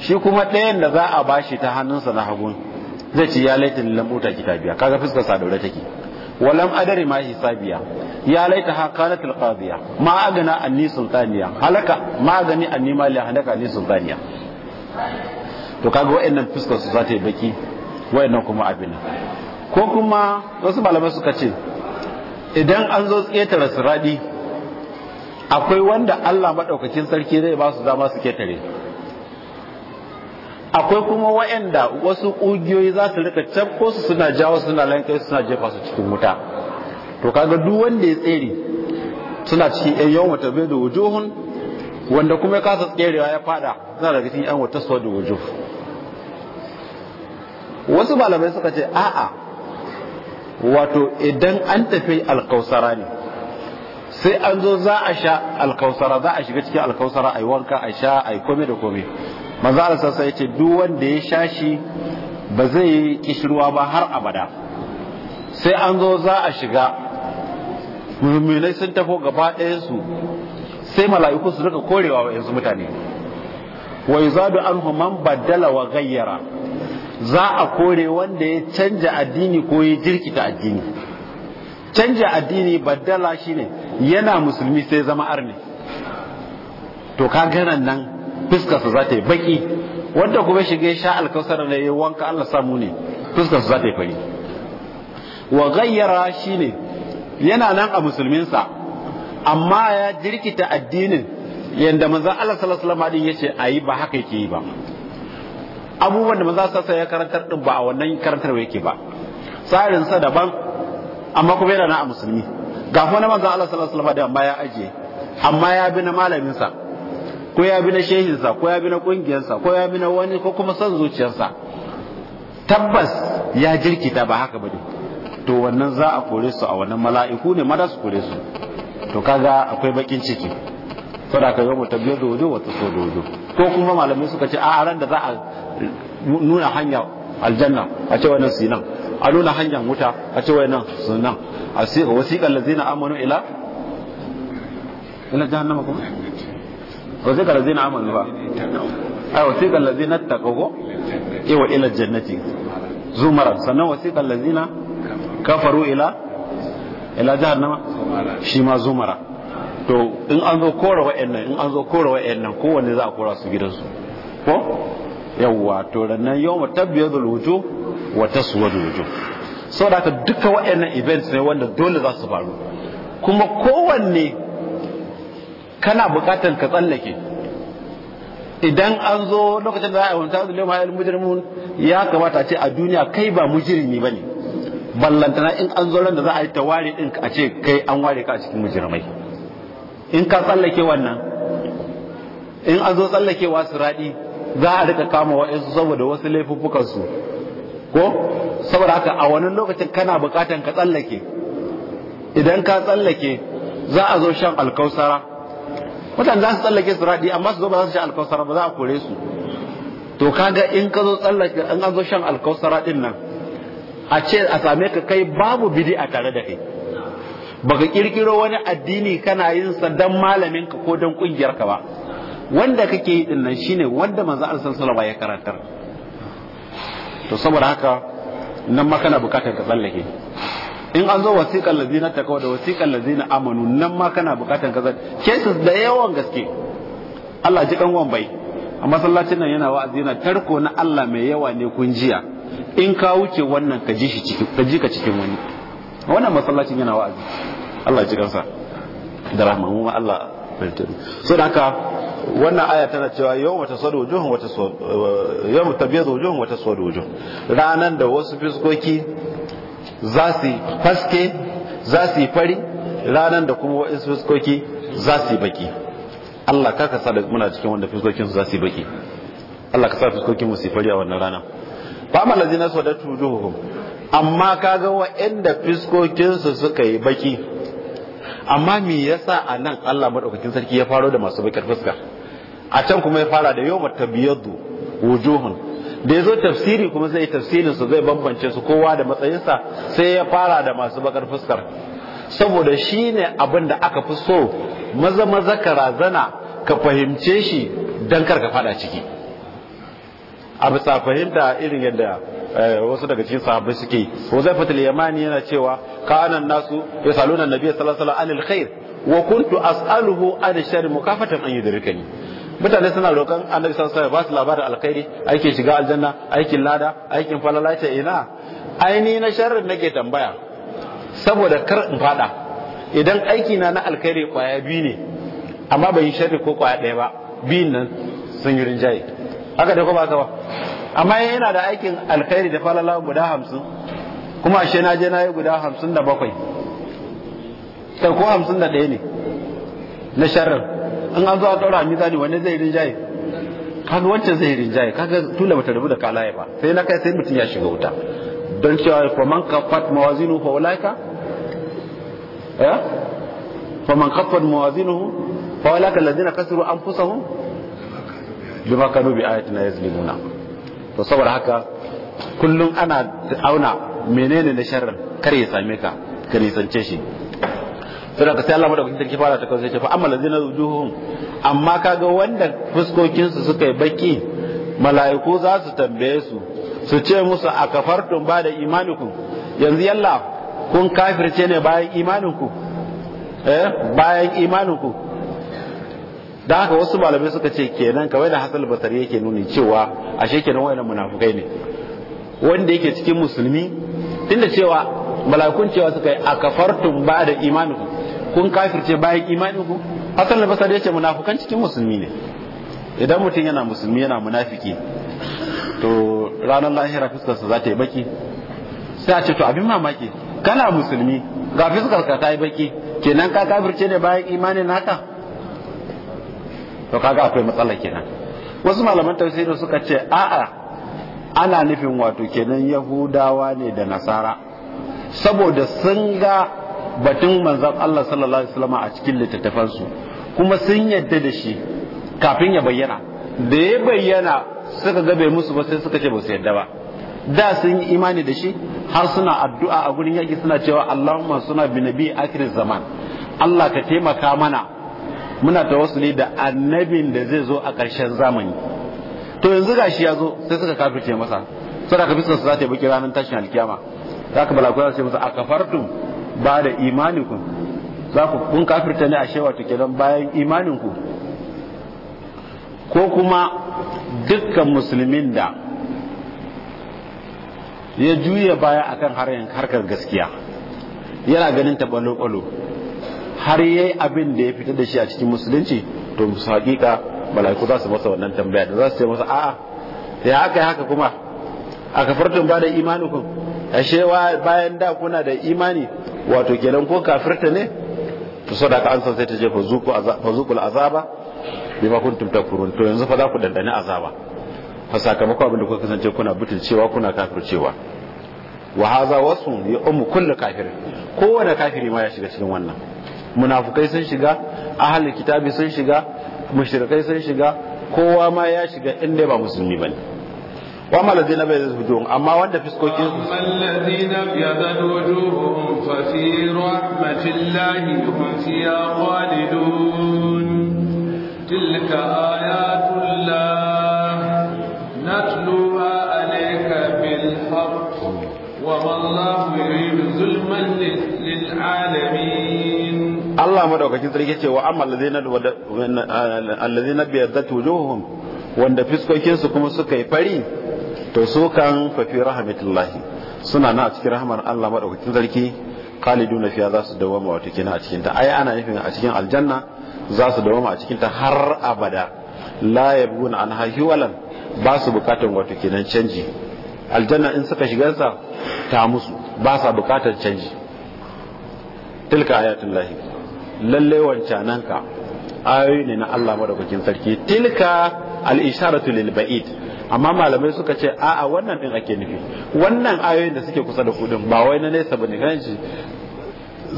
shi kuma ɗayan da za a bashi ta hannunsa na hagu zai ci ya laitin lambuta kitabiya kaga fuskar sa daure take walam adari ma hisabiya ya laita ha kanat qadiya ma agana anni sultaniya halaka ma gani anni mali halaka anni sultaniya to kaga wa'annan fuskar su za ta yi baki wa'annan kuma abin ko kuma wasu malamai suka ce idan an zo ƙetare siraɗi akwai wanda Allah maɗaukakin sarki zai ba su dama su ketare akwai kuma wa'anda wasu ƙungiyoyi za su rika cafko su suna jawo suna lankai suna jefa su cikin wuta to kaga duk wanda ya tsere suna cikin yan yawon wata da wujuhun wanda kuma ya kasa tserewa ya fada za daga cikin yan wata da wujo wasu malamai suka ce a'a wato idan an tafi alkausara ne sai an zo za a sha alkausara za a shiga cikin alkausara a yi wanka a sha a yi kome da kome maza a sassa ya ce duk wanda ya sha shi ba zai yi kishirwa ba har abada sai an zo za a shiga mummunai sun tafi gaba ɗayansu sai mala'iku su rika korewa wa yanzu mutane wa yuzadu an man baddala wa gayyara za a kore wanda ya canja addini ko ya jirkita addini canja addini baddala shine yana musulmi sai zama arne to ka gana nan fuskarsa za ta yi baki wanda kuma shige sha alkausar da ya wanka Allah samu ne su za ta yi fari wa gayyara shine yana nan a musulminsa amma ya jirkita addinin yadda manzan Allah sallallahu alaihi wasallam ya ce ayi ba haka yake yi ba abubuwan da manzan sassa ya karantar din ba a wannan karantar yake ba tsarin sa daban amma kuma yana na a musulmi ga kuma manzan Allah sallallahu alaihi wasallam da ya ajiye amma ya bi na malamin sa ko ya bi na shehin sa ko ya bi na kungiyar sa ko ya bi na wani ko kuma son zuciyar sa tabbas ya jirkita ba haka bane to wannan za a kore su a wannan mala'iku ne ma su kore su to kaga akwai bakin ciki saboda ka mu tabbiyar da wudu wata so da wudu ko kuma malamai suka ce a ran da za a nuna hanya aljanna a ce wannan su nan a nuna hanyar wuta a ce wannan su nan a sai wasiqal ladzina amanu ila ila jahannama kuma wasiqal ladzina amanu ba ai wasiqal ladzina taqaw ila jannati zumaran sannan wasiqal ladzina kafaru ila ila nama shi ma zumara to in an zo kora wa'annan in an zo kora wa'annan kowanne za a kora su gidansu ko yawwa to rannan yawma tabyadul wujuh wa taswadul wujuh saboda haka duka wa'annan events ne wanda dole za su faru kuma kowanne kana bukatan ka tsallake idan an zo lokacin da za a yi wanta da lema ya ya kamata a ce a duniya kai ba ba ne. ballantana in an zo ran da za a yi tawari din a ce kai an ware ka a cikin mujirmai in ka tsallake wannan in an zo tsallakewa raɗi za a rika kama wa'insu saboda wasu laifuffukansu su ko saboda haka a wannan lokacin kana bukatan ka tsallake idan ka tsallake za a zo shan alkausara mutane za su tsallake raɗi amma su zo ba za su sha alkausara ba za a kore su to kaga in ka zo tsallake in an zo shan alkausara din nan a ce a same ka kai babu a tare da kai baka kirkiro wani addini kana yin sa dan malamin ka ko dan kungiyar ka ba wanda kake yi din nan shine wanda manzo Allah sallallahu alaihi ya karantar to saboda haka nan ma kana bukatar ka tsallake in an zo wasiqal ladina takaw da wasiqal ladina amanu nan ma kana bukatar ka tsallake Kesis da yawan gaske Allah ji kan bai. a masallacin nan yana wa'azi na tarko na Allah mai yawa ne kun jiya in ka wuce wannan ka ji shi cikin ka ji ka cikin wani wannan masallacin yana wa'azi Allah ji kansa da rahman mu Allah so da haka wannan aya tana cewa yau wata sadu wujuhun wata eh, yau tabyadu wujuhun wata sadu wujuhun ranan da wasu fiskoki za su faske za su fari ranan da kuma wasu fiskoki za su baki Allah ka kasa da muna cikin wanda fiskokin su za su baki Allah ka sa fuskokin mu su fari a wannan ranar. fa na su sadatu tudu. amma ka kaga wa'anda fiskokinsu suka yi baki amma me yasa a nan Allah madaukakin sarki ya faro da masu bakar fuska a can kuma ya fara da yawan tabiyadu wujuhun da ya zo tafsiri kuma sai tafsirin su zai bambance su kowa da matsayinsa sai ya fara da masu bakar fuskar saboda shi ne abin da aka fi so maza maza ka razana ka fahimce shi don kar ka fada ciki a bisa fahimta irin yadda eh, wasu daga cikin sahabbai suke zai fatil Yamani yana cewa anan nasu ya yasaluna Nabi sallallahu alaihi wasallam anil khair wa kuntu as'aluhu an shar mukafatan an yudrikani mutane suna roƙon Annabi sallallahu alaihi wasallam ba su labarin alkhairi aikin shiga aljanna aikin lada aikin falalata ina aini na sharrin nake tambaya saboda kar in fada idan aiki na na alkhairi kwaya biyu ne amma bai yi sharri ko kwaya ɗaya ba biyun nan sun yi rinjaye haka da ko ba amma yana da aikin alkhairi da falala guda hamsin kuma ashe na je na yi guda hamsin da bakwai sai ko hamsin da ɗaya ne na sharar. in an zo a ɗaura ne wanne zai rinjaye kan wancan zai rinjaye kaga tula bata rubu da kalaye ba sai na kai sai mutum ya shiga wuta don cewa fa man kaffat mawazinu fa ulaika eh fa man kaffat mawazinu fa ulaika alladhina kasaru anfusahum bima kanu bi ayatina yazlimuna to saboda haka kullum ana auna menene na sharrin kar ya same ka ka nisance shi sai ka sai Allah madaukakin sarki fara ta kawai sai ce fa amma lazina wujuhum amma kaga wanda fuskokin su suka yi baki mala'iku za su tambaye su su ce musu a kafartun ba da imaninku yanzu yalla kun kafirce ne bayan imaninku eh bayan imaninku da haka wasu malamai suka ce kenan kawai da hasal basari yake nuni cewa ashe kenan wayannan munafukai ne wanda yake cikin musulmi tunda cewa malakun cewa suka yi a kafartun ba da imaninku kun kafirce bayan imaninku hasal basari yace munafukan cikin musulmi ne idan mutum yana musulmi yana munafiki to ranar lahira fuskarsa za ta yi baki sai a ce to abin mamaki kana musulmi ga fuskar ka ta yi baki kenan ka kafirce ne bayan imanin naka to kaga akwai matsala kenan wasu malaman tafsiri suka ce a'a ana nufin wato kenan yahudawa ne da nasara saboda sun ga batun manzon Allah sallallahu alaihi wasallam a cikin littattafansu kuma sun yadda da shi kafin ya bayyana da ya bayyana suka ga bai musu ba sai suka ce ba su yadda ba da sun yi imani da shi har suna addu'a a gurin yaki suna cewa Allahumma suna bi nabi akhir zaman Allah ka taimaka mana muna ta tawassuli da annabin da zai zo a ƙarshen zamani to yanzu gashi ya zo sai suka kafirce masa saboda aka fisa su za ta yi baki ranar tashin alkiyama za ka balakuwa ce masa a kafartum ba da imaninku za ku kun kafirta ne a shewa ke kenan bayan imaninku ko kuma dukkan musulmin da ya juya baya akan harkar gaskiya yana ganin ta kwalo har yayi abin da ya fita da shi a cikin musulunci to su hakika mala'iku za su masa wannan tambaya da za su ce masa a'a ya ya haka kuma a kafartun ba da imanikun ashe bayan da kuna da imani wato kenan ko kafirta ne to da ka ansa sai ta je fa zuqul azaba bima kuntum takfurun to yanzu fa za ku dandane azaba fa sakamakon abin da kuka kasance kuna butulcewa kuna kafircewa wa haza wasu ya ummu kullu kafir kowane kafiri ma ya shiga cikin wannan munafukai sun shiga ahalin kitabi sun shiga mushrikai sun shiga kowa ma ya shiga inda ba musulmi bane wa amma ladina bai zuwa wujuhum amma wanda fiskokin su amma ladina biyadad wujuhum fa fi rahmatillahi hum fiha khalidun tilka ayatullah natluha alayka bil haqq wa wallahu yuridu zulman lil alamin Allah madaukakin sarki ce wa amma allazina biyaddat wujuhum wanda fiskokin su kuma suka yi fari to su kan fa fi suna na a cikin rahmar Allah madaukakin sarki khaliduna fiya za su dawama wato kina a cikin ta ai ana nufin a cikin aljanna za su dawama a cikin ta har abada la yabghuna an hiwalan ba su bukatan wato kenan canji aljanna in suka shiga sa ta musu ba sa bukatan canji tilka ayatul lahi lalle wancanan ka ayoyi ne na Allah madaukakin sarki tilka al-isharatu lil ba'id amma malamai suka ce a'a wannan din ake nufi wannan ayoyin da suke kusa da kudin ba wai na nesa bane kan shi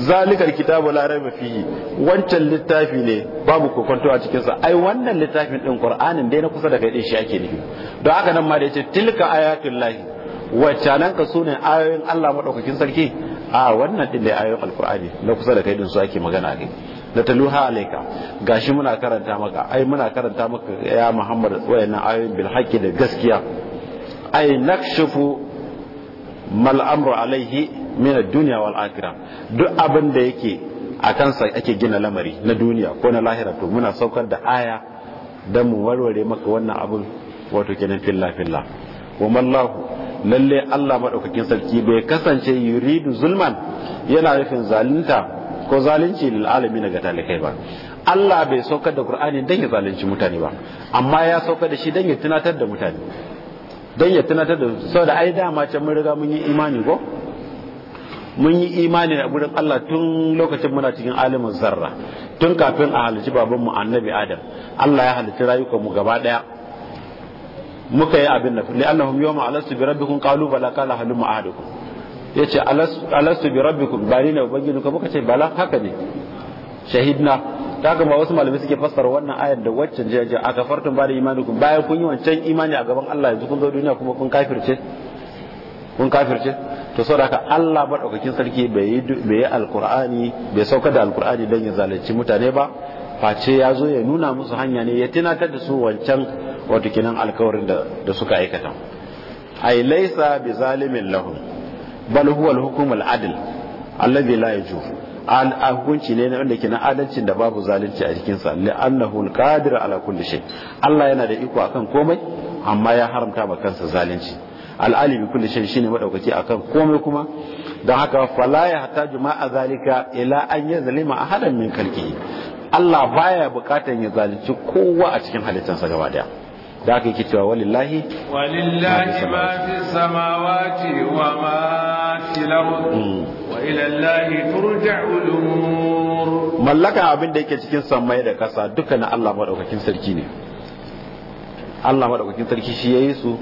zalikar kitabu la raiba fihi wancan littafi ne babu kokonto a cikin sa ai wannan littafin din qur'anin dai na kusa da kai din shi ake nufi don haka nan ma da yace tilka ayatul lahi wacce ka sune ayoyin Allah madaukakin sarki a wannan din da ayo alkur'ani na kusa da kai din su ake magana ne da taluha alayka gashi muna karanta maka ai muna karanta maka ya muhammad wayannan ayoyin bil haqqi da gaskiya ai nakshifu mal amru alaihi min ad-dunya wal akhirah duk abin da yake a kansa ake gina lamari na duniya ko na lahira to muna saukar da aya dan mu warware maka wannan abun wato kenan filla filla wa mallahu lalle Allah madaukakin sarki bai kasance yuridu zulman yana nufin zalunta ko zalunci lil alamin ga talikai ba Allah bai saukar da Qur'ani dan ya zalunci mutane ba amma ya saukar da shi dan ya tunatar da mutane dan ya tunatar da su saboda ai dama can mun riga mun yi imani ko mun yi imani a gurin Allah tun lokacin muna cikin alimin zarra tun kafin a halici babanmu annabi Adam Allah ya halitta rayukanmu gaba daya muka yi abin nan annahum yawma alastu bi rabbikum qalu bala qala halu ma'adukum yace alastu bi rabbikum bari na ne ubangiji ka muka ce bala haka ne shahidna kaga ba wasu malamai suke fassara wannan ayar da waccan jaje a kafartun ba da ku bayan kun yi wancan imani a gaban Allah yanzu kun zo duniya kuma kun kafirce kun kafirce to saboda haka Allah daukakin sarki bai yi alqur'ani bai sauka da alqur'ani dan ya zalunci mutane ba face ya zo ya nuna musu hanya ne ya tunatar da su wancan wato kinan alkawarin da suka aikata ai laisa bi zalimin lahum bal huwa al adl alladhi la hukunci ne wanda ke na adalcin da babu zalunci a sa cikinsa annahu al-qadir ala kulli shay Allah yana da iko akan komai amma ya haramta ma kansa zalunci al'ali bi kulli shay shine madaukaki akan komai kuma don haka fala ya hataju ma a zalika ila an yazlima ahadan min kalkihi Allah baya bukatan ya zalunci kowa a cikin halittansa gaba daya da aka yake cewa walillahi walillahi ma fi samawati wa ma fi hmm. wa ila allahi turja'ul umur mallaka abin da yake cikin samai da kasa duka na Allah madaukakin sarki ne Allah madaukakin sarki shi yayi su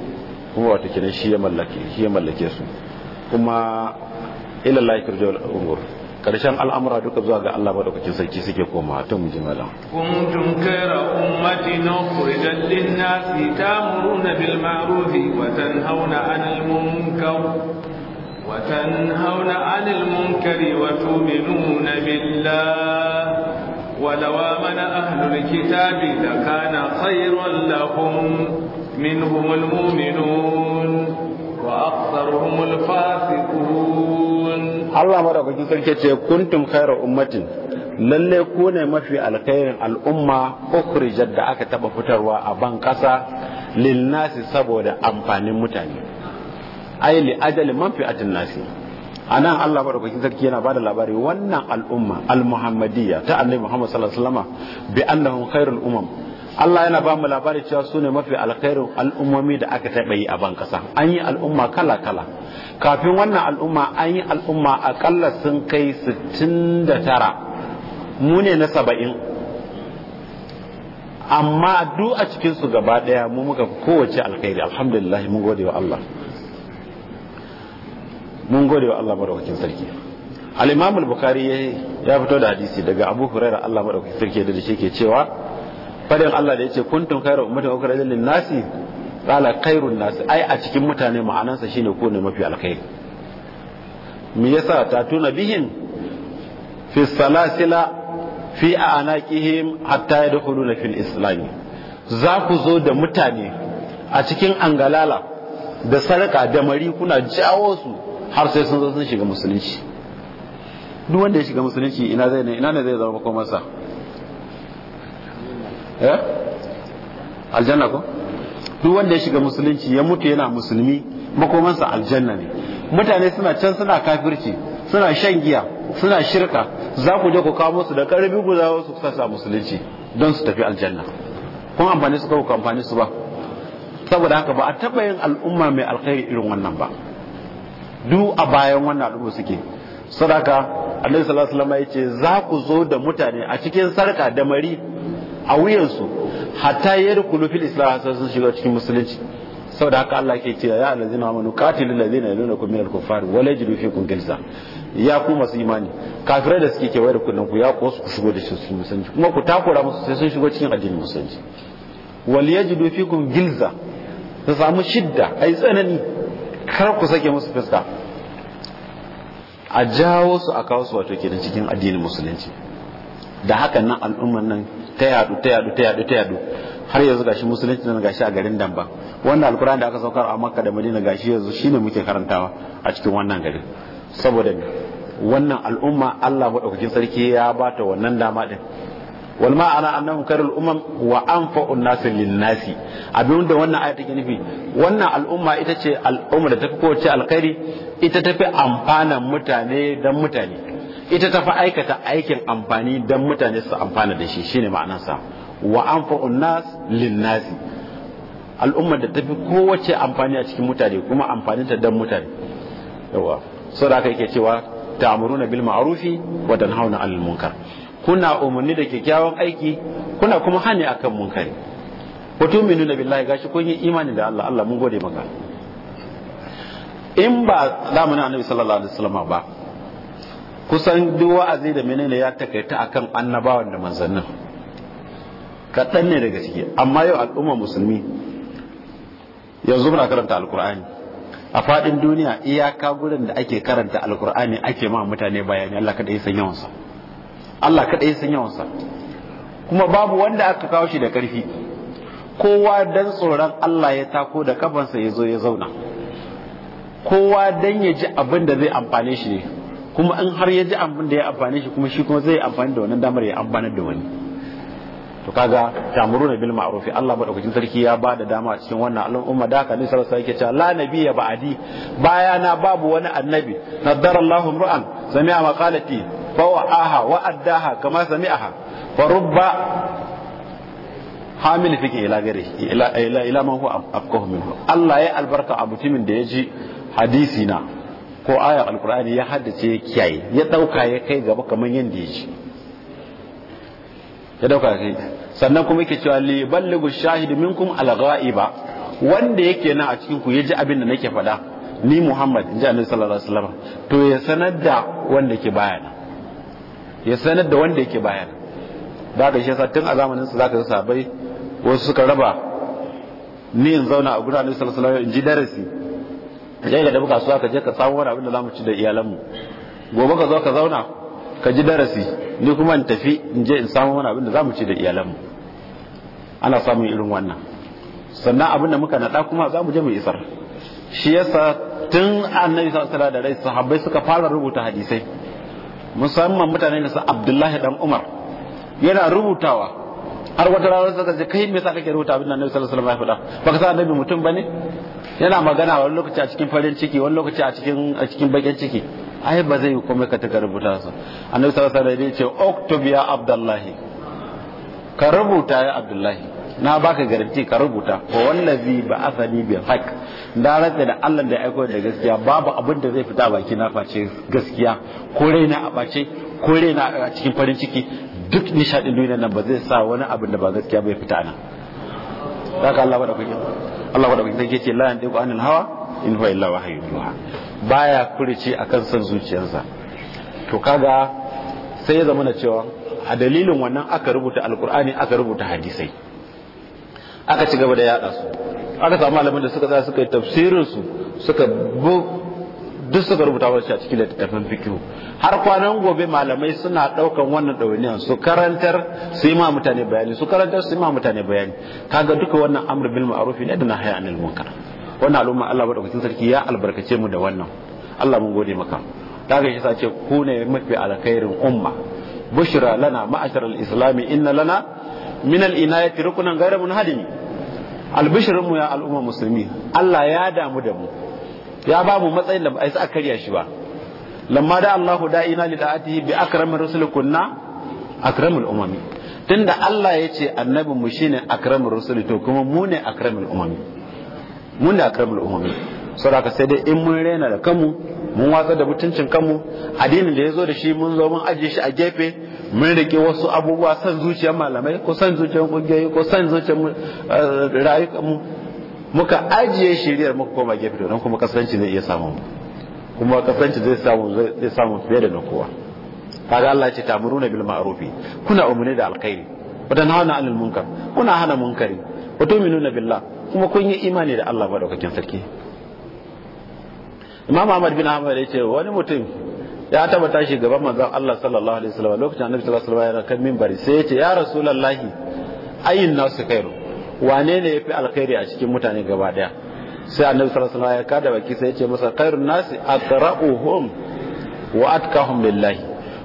kuma wato kenan shi ya mallake shi ya mallake su kuma ila allahi turja'ul umur karshen al'amura duka zuwa ga Allah madaukakin sarki suke koma to mu ji malam kuntum khayra ummatin ukhrijat lin-nasi ta'muruna bil ma'ruf wa tanhauna 'anil munkar wa tanhauna 'anil munkari wa tu'minuna billah ولو آمن أهل الكتاب لكان خيرا لهم منهم المؤمنون وأكثرهم الفاسقون Allah madaukakin sarki ce kuntum khairu ummatin lalle ku ne mafi alkhairin al'umma ukhrijat da aka taba fitarwa a ban kasa lil nasi saboda amfanin mutane ay li ajali man fi atin nasi anan Allah madaukakin sarki yana bada labari wannan al'umma al-muhammadiyya ta annabi Muhammad sallallahu alaihi wasallama bi annahum khairul umam Allah yana ba mu labari cewa su ne mafi alkhairin al'ummomi da aka taɓa yi a ban ƙasa an yi al'umma kala-kala kafin wannan al'umma an yi al'umma aƙalla sun kai 69 mu ne na saba'in amma du a cikinsu gaba ɗaya mu muka kowace alkhairi alhamdulillah mun gode wa Allah mun gode wa Allah madaukakin sarki al bukhari ya fito da hadisi daga abu hurairah Allah madaukakin sarki da shi ke cewa fadin Allah da yace kuntun khairu ummatin ukhrijat lin nasi qala khairun nasi ai a cikin mutane ma'anansa shine ko ne mafi alkhairi me yasa ta tuna bihin fi salasila fi anaqihim hatta yadkhuluna fil islam za ku zo da mutane a cikin angalala da sarka da mari kuna jawo su har sai sun zo sun shiga musulunci duk wanda ya shiga musulunci ina ne zai zama masa. Eh? aljanna ko duk wanda ya shiga musulunci ya mutu yana musulmi makomansa aljanna ne mutane suna can suna kafirci suna shan giya suna shirka za ku je ku kawo musu da karbi ku za su sasa musulunci don su tafi aljanna kun amfani su ko amfani su ba saboda haka ba a taba yin al'umma mai alkhairi irin wannan ba duk a bayan wannan al'umma suke sadaka annabi sallallahu alaihi wasallam yace za ku zo da mutane a cikin sarka da mari a wuyansu hatta ya da fil islam sun shiga cikin musulunci saboda haka Allah ke cewa ya allazina amanu qatilul ladina yalunakum minal kuffar wa la yajidu fikum gilza ya ku masu imani kafirai da suke kewaye da kunnan ku ya ku su ku shigo da shi cikin musulunci kuma ku takura musu sai sun shigo cikin addinin musulunci wal yajidu fikum gilza su samu shidda ai tsanani kar ku sake musu fuska a jawo su a kawo su wato kenan cikin addinin musulunci da hakan nan al'ummar nan ta yadu ta yadu ta yadu ta yadu har yanzu gashi musulunci nan gashi a garin Damba wannan alkur'ani da aka saukar a Makka da Madina gashi yanzu shine muke karantawa a cikin wannan garin saboda wannan al'umma Allah madaukakin sarki ya bata wannan dama din wal ma'ana annahum karul umam wa an nas lin nas abin da wannan aya take nufi wannan al'umma ita ce al'umma da tafi kowace alkhairi ita tafi amfana mutane dan mutane ita ta fi aikata aikin amfani don mutane su amfana da shi shine ma'anarsa wa anfa'un nas lin nasi al'ummar da ta fi kowace amfani a cikin mutane kuma amfanin ta don mutane yawa saboda haka yake cewa ta'muruna bil ma'rufi wa tanhauna 'anil munkar kuna umarni da kyakkyawan aiki kuna kuma hani akan munkari wa tu'minuna billahi gashi kun yi imani da Allah Allah mun gode maka in ba zamanin annabi sallallahu alaihi wasallam ba kusan duk wa'azi da menene ya takaita akan annabawan da manzannin kaɗan ne daga ciki amma yau al'umma musulmi yanzu muna karanta alkur'ani a faɗin duniya iyaka gurin da ake karanta alkur'ani ake ma mutane bayani Allah kaɗai san yawansa Allah kaɗai san yawansa kuma babu wanda aka kawo shi da ƙarfi kowa dan tsoron Allah ya tako da kafansa ya zo ya zauna kowa dan ya ji abin da zai amfane shi ne kuma in har ya ji abin da ya amfani shi kuma shi kuma zai amfani da wannan damar ya amfanar da wani to kaga na bil ma'ruf Allah madaukakin sarki ya ba da dama cikin wannan al'umma da haka ne sallallahu la nabiyya ba'adi Baya na babu wani annabi nadarallahu ru'an sami'a maqalati fa wa'aha wa addaha kama sami'aha fa rubba hamil fike ila gare ila ila man huwa afqahu minhu Allah ya albarka a mutumin da ya ji hadisi na ko aya alkur'ani ya haddace ya kiyaye ya dauka ya kai gaba kamar yadda ya ji ya dauka kai sannan kuma yake cewa li ballighu shahid minkum al-ghaiba wanda yake nan a cikin ku ya ji abin da nake faɗa ni Muhammad inji Annabi sallallahu alaihi wasallam to ya sanar da wanda yake bayana ya sanar da wanda yake bayana da ga shi tun a zamanin su zaka ga sabai wasu suka raba ni in zauna a gurin Annabi sallallahu alaihi wasallam in ji darasi ka je ka dabu kasuwa ka je ka samu wani abin da zamu ci da iyalanmu gobe ka zo ka zauna ka ji darasi ni kuma in tafi in je in samu wani abin da zamu ci da iyalanmu ana samun irin wannan sannan abin da muka naɗa kuma za mu je mu isar shi yasa tun annabi sallallahu alaihi da rai sahabbai suka fara rubuta hadisai musamman mutane da su Abdullahi dan Umar yana rubutawa har wata rana suka ce kai me yasa kake rubuta abin da annabi sallallahu alaihi wasallam ya faɗa baka san annabi mutum bane yana magana wani lokaci a cikin farin ciki wani lokaci a cikin a cikin bakin ciki ai ba zai komai ka taka rubuta su annabi sallallahu alaihi wasallam ce oktub ya abdullahi ka rubuta ya abdullahi na baka garanti ka rubuta ko wallazi ba asani bil haq da rantsa da Allah da aiko da gaskiya babu abin da zai fita baki na face gaskiya ko raina a bace ko raina a cikin farin ciki duk nishadin duniya nan ba zai sa wani abin da ba gaskiya bai fita nan zaka Allah ba da kuke Allah wadda sarki yake la yanzu anil hawa in huwa illa wahyun yuha baya kurici akan son zuciyarsa to kaga sai ya zama na cewa a dalilin wannan aka rubuta alkur'ani aka rubuta hadisai aka ci gaba da yada su aka samu malaman da suka tsaya suka yi tafsirin su suka duk suka rubuta shi a cikin littattafan fikihu har kwanan gobe malamai suna daukan wannan dawaniyan su karantar su yi ma mutane bayani su karantar su yi ma mutane bayani kaga duka wannan amr bil ma'ruf ne da nahyi anil munkar wannan al'umma Allah madaukakin sarki ya albarkace mu da wannan Allah mun gode maka kaga shi sace ku ne mafi alkhairin umma bushra lana ma'ashar al-islam inna lana min al-inayati rukunan ghayra munhadimi albishirin mu ya al'umma musulmi Allah ya damu da mu ya babu matsayin da ba a karya shi ba lamma da Allahu da'ina li da'atihi bi akramir rusul kunna akramul umami tunda Allah ya ce annabi mu shine akramir rusul to kuma mu ne akramul umami mu ne akramul umami saboda sai dai in mun rena da kanmu mun watsa da mutuncin kanmu addinin da ya zo da shi mun zo mun ajiye shi a gefe mun rike wasu abubuwa san zuciyar malamai ko san zuciyar kungiyoyi ko san zuciyar eh, rayukanmu muka ajiye shiriyar muka koma gefe to kuma kasanci zai iya samu kuma kasanci zai samu zai samu fiye da na kowa kaga Allah ce tamuruna bil ma'rufi kuna umurni da alkhairi wa tanhauna 'anil munkar kuna hana munkari wa tu'minuna billah kuma kun yi imani da Allah madaukakin sarki Imam Ahmad bin Ahmad ya ce wani mutum ya taba tashi gaban manzon Allah sallallahu alaihi wasallam lokacin Annabi sallallahu alaihi wasallam yana kan minbari sai ya ce ya rasulullahi ayin nasu khairu wane ne yafi alkhairi a cikin mutane gaba daya sai annabi sallallahu alaihi wasallam ya kada baki sai ya ce masa khairun nasi aqra'uhum wa atqahum billahi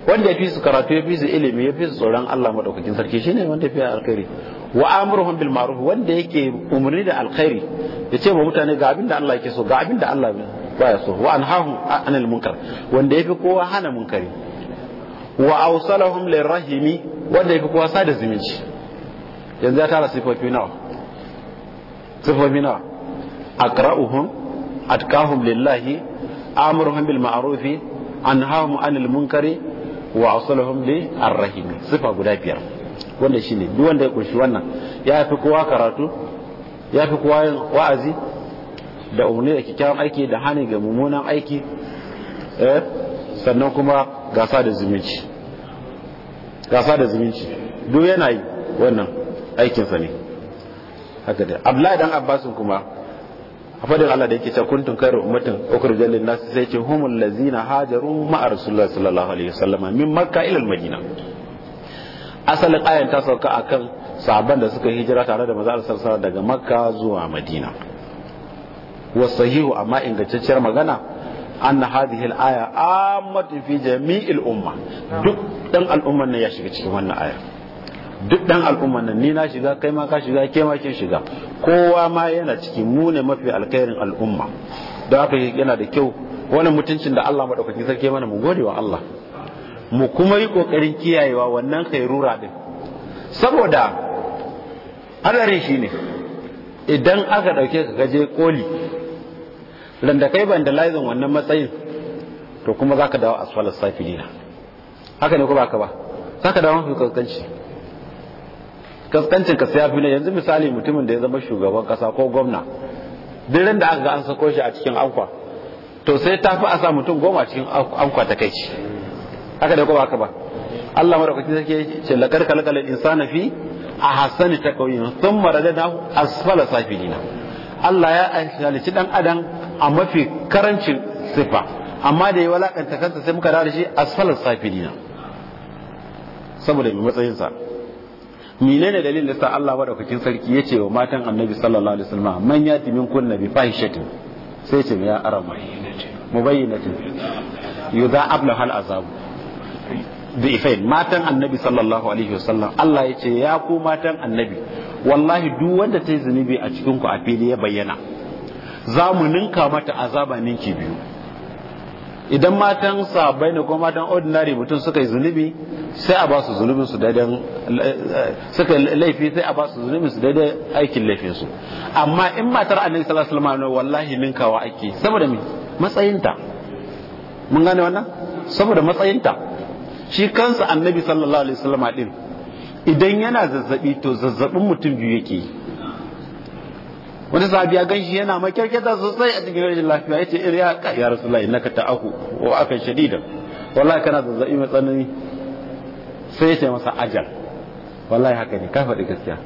wanda ya fi su karatu ya fi su ilimi ya fi su tsoron Allah madaukakin sarki shine wanda ya fi alkhairi wa amruhum bil ma'ruf wanda yake umurni da alkhairi ya ce wa mutane ga abin da Allah yake so ga abin da Allah baya so wa anhahu anil munkar wanda yafi kowa hana munkari wa awsalahum lirahimi wanda yafi kowa sada zumunci yanzu ya tara sifofi nawa sifofi nawa aqra'uhum atqahum lillahi amuruhum bil ma'rufi anhahum anil munkari wa asaluhum bi arrahim sifa guda biyar wanda ne duk wanda ya kunshi wannan ya fi kowa karatu ya fi kowa yin wa'azi da umarni da kyakkyawan aiki da hani ga mummunan aiki eh, sannan kuma gasa da zumunci gasa da zumunci duk yana yi wannan aikinsa ne haka dai abdullahi dan abbasin kuma a fadin Allah da yake cewa kuntun khairu ummatin ukhrijal lin nas sai ce humul ladzina hajaru ma'a rasulullahi sallallahu alaihi wasallam min makka ila al-madina asalin ayan ta sauka akan sahabban da suka hijira tare da manzo sallallahu daga makka zuwa madina wa sahihu amma ingantacciyar magana anna hadhihi al-aya amma fi jami'il umma duk dan al'umman ne ya shiga cikin wannan aya duk dan al'umma nan ni na shiga kai ma ka shiga ke ma kin shiga kowa ma yana ciki mu ne mafi alkhairin al'umma don haka yana da kyau wannan mutuncin da Allah madaukakin sarki mana mu gode wa Allah mu kuma yi kokarin kiyayewa wannan kairura din saboda shi ne idan aka dauke ka gaje koli da kai bandalizin wannan matsayin to kuma zaka dawo asfalas safilina haka ne ko baka ba zaka dawo kankanci kaskancin ka sai ne yanzu misali mutumin da ya zama shugaban kasa ko gwamna dirin da aka ga an sako shi a cikin ankwa to sai ta fi a sa mutum goma a cikin ankwa ta kai ci haka da kuma haka ba Allah madaukaki sake ce lakar kalkal insana fi a hassani ta kauyin sun marada na asfala nina Allah ya halici dan adam a mafi karancin sifa amma da ya walakanta kansa sai muka dawo da shi asfala safilina saboda mai matsayinsa menene dalilin da sa Allah madaukakin sarki ya ce wa matan annabi sallallahu alaihi wasallam man yati min kunna bi fahishatin sai ce ya arama mubayyinatin yuza abla hal azab bi ifain matan annabi sallallahu alaihi wasallam Allah ya ce ya ku matan annabi wallahi duk wanda ta yi zunubi a cikin ku a fili ya bayyana za mu ninka mata azaba ninki biyu idan matan sahabbai ne ko matan ordinary mutum suka yi zunubi sai a ba su zunubin su daidai suka laifi sai a ba su zunubin su daidai aikin laifin su amma in matar annabi sallallahu alaihi wasallam wallahi ninkawa ake saboda me matsayinta mun gane wannan saboda matsayinta shi kansa annabi sallallahu alaihi wasallam din idan yana zazzabi to zazzabin mutum biyu yake yi wani sahabi ya shi yana makyarkyata sosai a cikin rashin lafiya ya ce iri ya ka ya rasu na ka ta'ahu wa akan shadidan wallahi kana zazzabi mai tsanani sai ya ce masa ajal wallahi haka ne ka faɗi gaskiya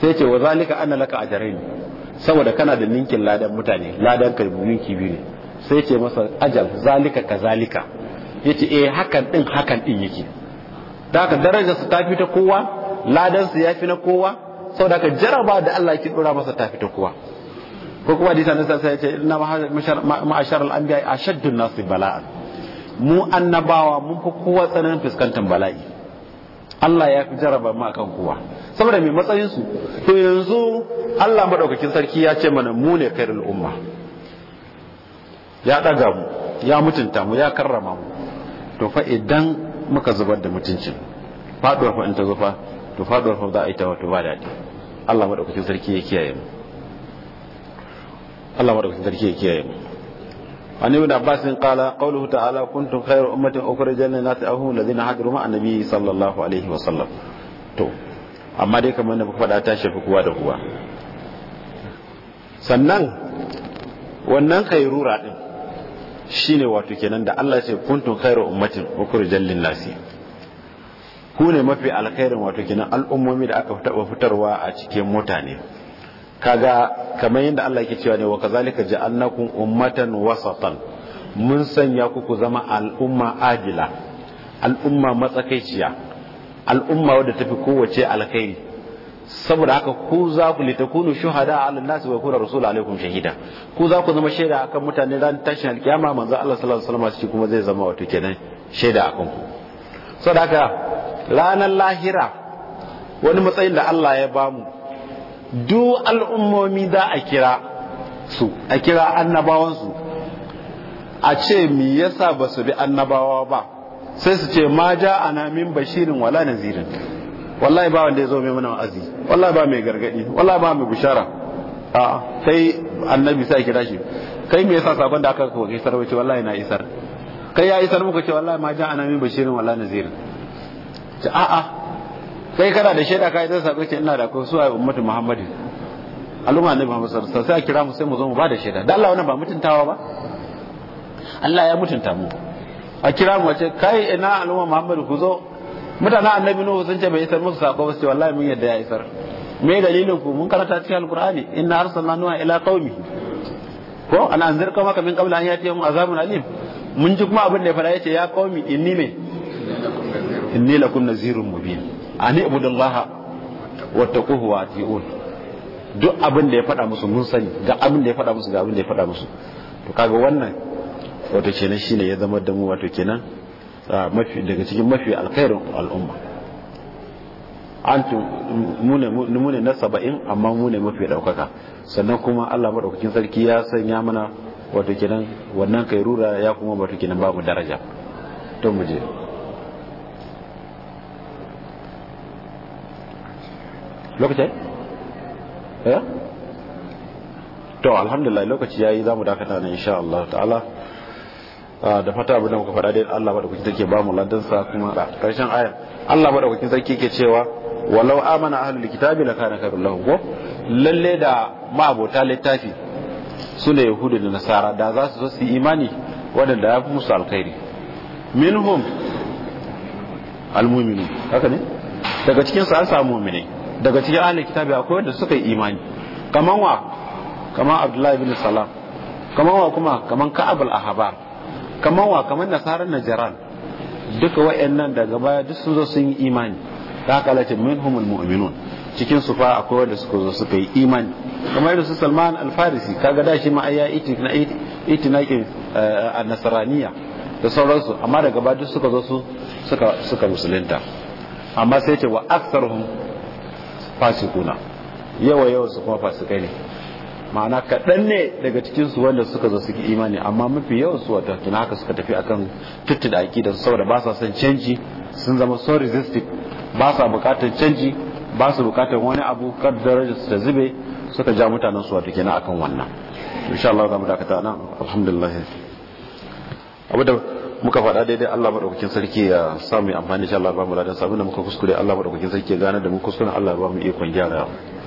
sai ya ce wa zalika anna laka ajrayn saboda kana da ninkin ladan mutane ladan ka ninki biyu ne sai ya ce masa ajal zalika ka zalika yace eh hakan din hakan din yake da haka darajarsa ta fi ta kowa ladansu ya fi na kowa saboda ka jaraba da Allah yake dora masa ta fita kuwa. ko kuma hadisi annabi sai ya ce inna ma'ashar al-anbiya ashaddu nasi bala'an mu annabawa mun fi kowa tsananin fuskantar bala'i Allah ya fi jaraba mu akan kowa saboda mai matsayin su to yanzu Allah madaukakin sarki ya ce mana mu ne kairul umma ya ɗaga mu ya mutunta mu ya karrama mu to fa idan muka zubar da mutuncin fa in ta zufa to faduwar fa za a yi ta wato ba daɗi Allah maɗaukacin sarki ya kiyaye mu Allah maɗaukacin sarki ya kiyaye mu عن ابن عباس قال قوله تعالى كنتم خير أمة أخرجت للناس أهم na هاجروا مع النبي صلى الله عليه وسلم to amma dai kamar da muka faɗa ta shafi kowa da kuwa. sannan wannan khairura din shine wato kenan da Allah ya ce kuntum khairu ummatin ukhrijal lin nasi ku ne mafi alkhairin wato kenan al'ummomi da aka taɓa fitarwa a cikin mutane kaga kamar yadda Allah yake cewa ne wa kazalika ja'alnakum ummatan wasatan mun sanya ku ku zama al'umma adila al'umma matsakaiciya al'umma wadda tafi kowace alkhairi saboda haka ku za ku litakunu shuhada ala nasi wa kuna rasul alaikum shahida ku za ku zama shaida akan mutane ran tashin alkiyama manzo Allah sallallahu alaihi wasallam shi kuma zai zama wato kenan shaida akan ku saboda haka ranar lahira wani matsayin da Allah ya bamu duk al'ummomi za a kira su a kira annabawansu a ce me yasa ba su bi annabawa ba sai su ce ma ja ana min bashirin wala nazirin wallahi ba wanda ya zo mai mana azi wallahi ba mai gargadi wallahi ba mai bishara a sai annabi sai kira shi kai me yasa sabon da aka kawo kai sarwace wallahi na isar kai ya isar muka ce wallahi ma ja ana min bashirin wala nazirin ta a'a kai kana da shaida kai zai sabe ce ina da kai su a ummatu muhammadin al'umma ne muhammad sallallahu alaihi sai a kira mu sai mu zo mu ba da shaida da Allah wannan ba mutuntawa ba Allah ya mutunta mu a kira mu ce kai ina al'umma Muhammadu ku zo mutanen annabi nuhu sun ce bai isar musu sako ba sai wallahi mun yadda ya isar me dalilin ku mun karanta cikin alqur'ani inna arsalna nuha ila qaumi ko ana anzir kama kamin qabla an yatiyahum azabun alim mun ji kuma abin da ya fara yace ya qaumi inni ne inni lakum nazirun mubin ani ibudullaha wattaquhu wa atiun duk abin da ya faɗa musu mun sani ga abin da ya faɗa musu ga abin da ya faɗa musu to kaga wannan wato kenan shine ya zama da mu wato kenan mafi daga cikin mafi alkhairin al'umma antum mu ne na saba'in amma mu ne mafi ɗaukaka sannan kuma allah maɗaukakin sarki ya sanya mana wato kenan wannan kairura ya kuma wato kenan ba mu daraja to mu je lokacin ya eh? to alhamdulillah lokaci za mu dakata na insha Allah ta'ala ah, da fata abin da muka faɗa dai Allah madaukakin sarki ba mu ladan sa kuma karshen ayar Allah madaukakin sarki ke cewa walau amana ahlul kitabi kana khairul lahu ko lalle da ma'abota littafi su ne yahudu da nasara da za su zo su imani waɗanda ya fi musu alkhairi minhum almuminu haka ne daga cikin su an samu mu'minai daga cikin ahlul kitabi akwai wanda suka yi imani kaman wa kaman abdullahi bin salam kaman wa kuma kaman ka'ab al-ahbar kaman wa kaman nasaran najran duka wayannan daga baya duk sun zo sun yi imani ta kalace minhumul mu'minun cikin su fa akwai wanda suka zo suka yi imani kamar yadda su Salman al-Farisi kaga da shi ma ayya itina itinaqi an eh, Nasaraniya da sauransu amma daga baya duk suka zo su suka suka musulunta amma sai ce wa aktsaruhum fasikuna yawa yawa su kuma fasikai ne ma'ana kaɗan ne daga cikinsu wanda suka zo suke imani amma mafi yawan su wata tuna haka suka tafi akan tuttuda aƙidar saboda ba sa son canji sun zama so resistant ba sa buƙatar canji ba su buƙatar wani abu kar darajar su ta zube suka ja mutanen su gina kenan akan wannan insha Allah za mu dakata nan alhamdulillah muka faɗa daidai Allah maɗaukakin sarki ya samu amfani insha Allah ba mu ladan sabu da muka kuskure Allah maɗaukakin sarki ya gane da mu kuskuren Allah ba mu ikon gyara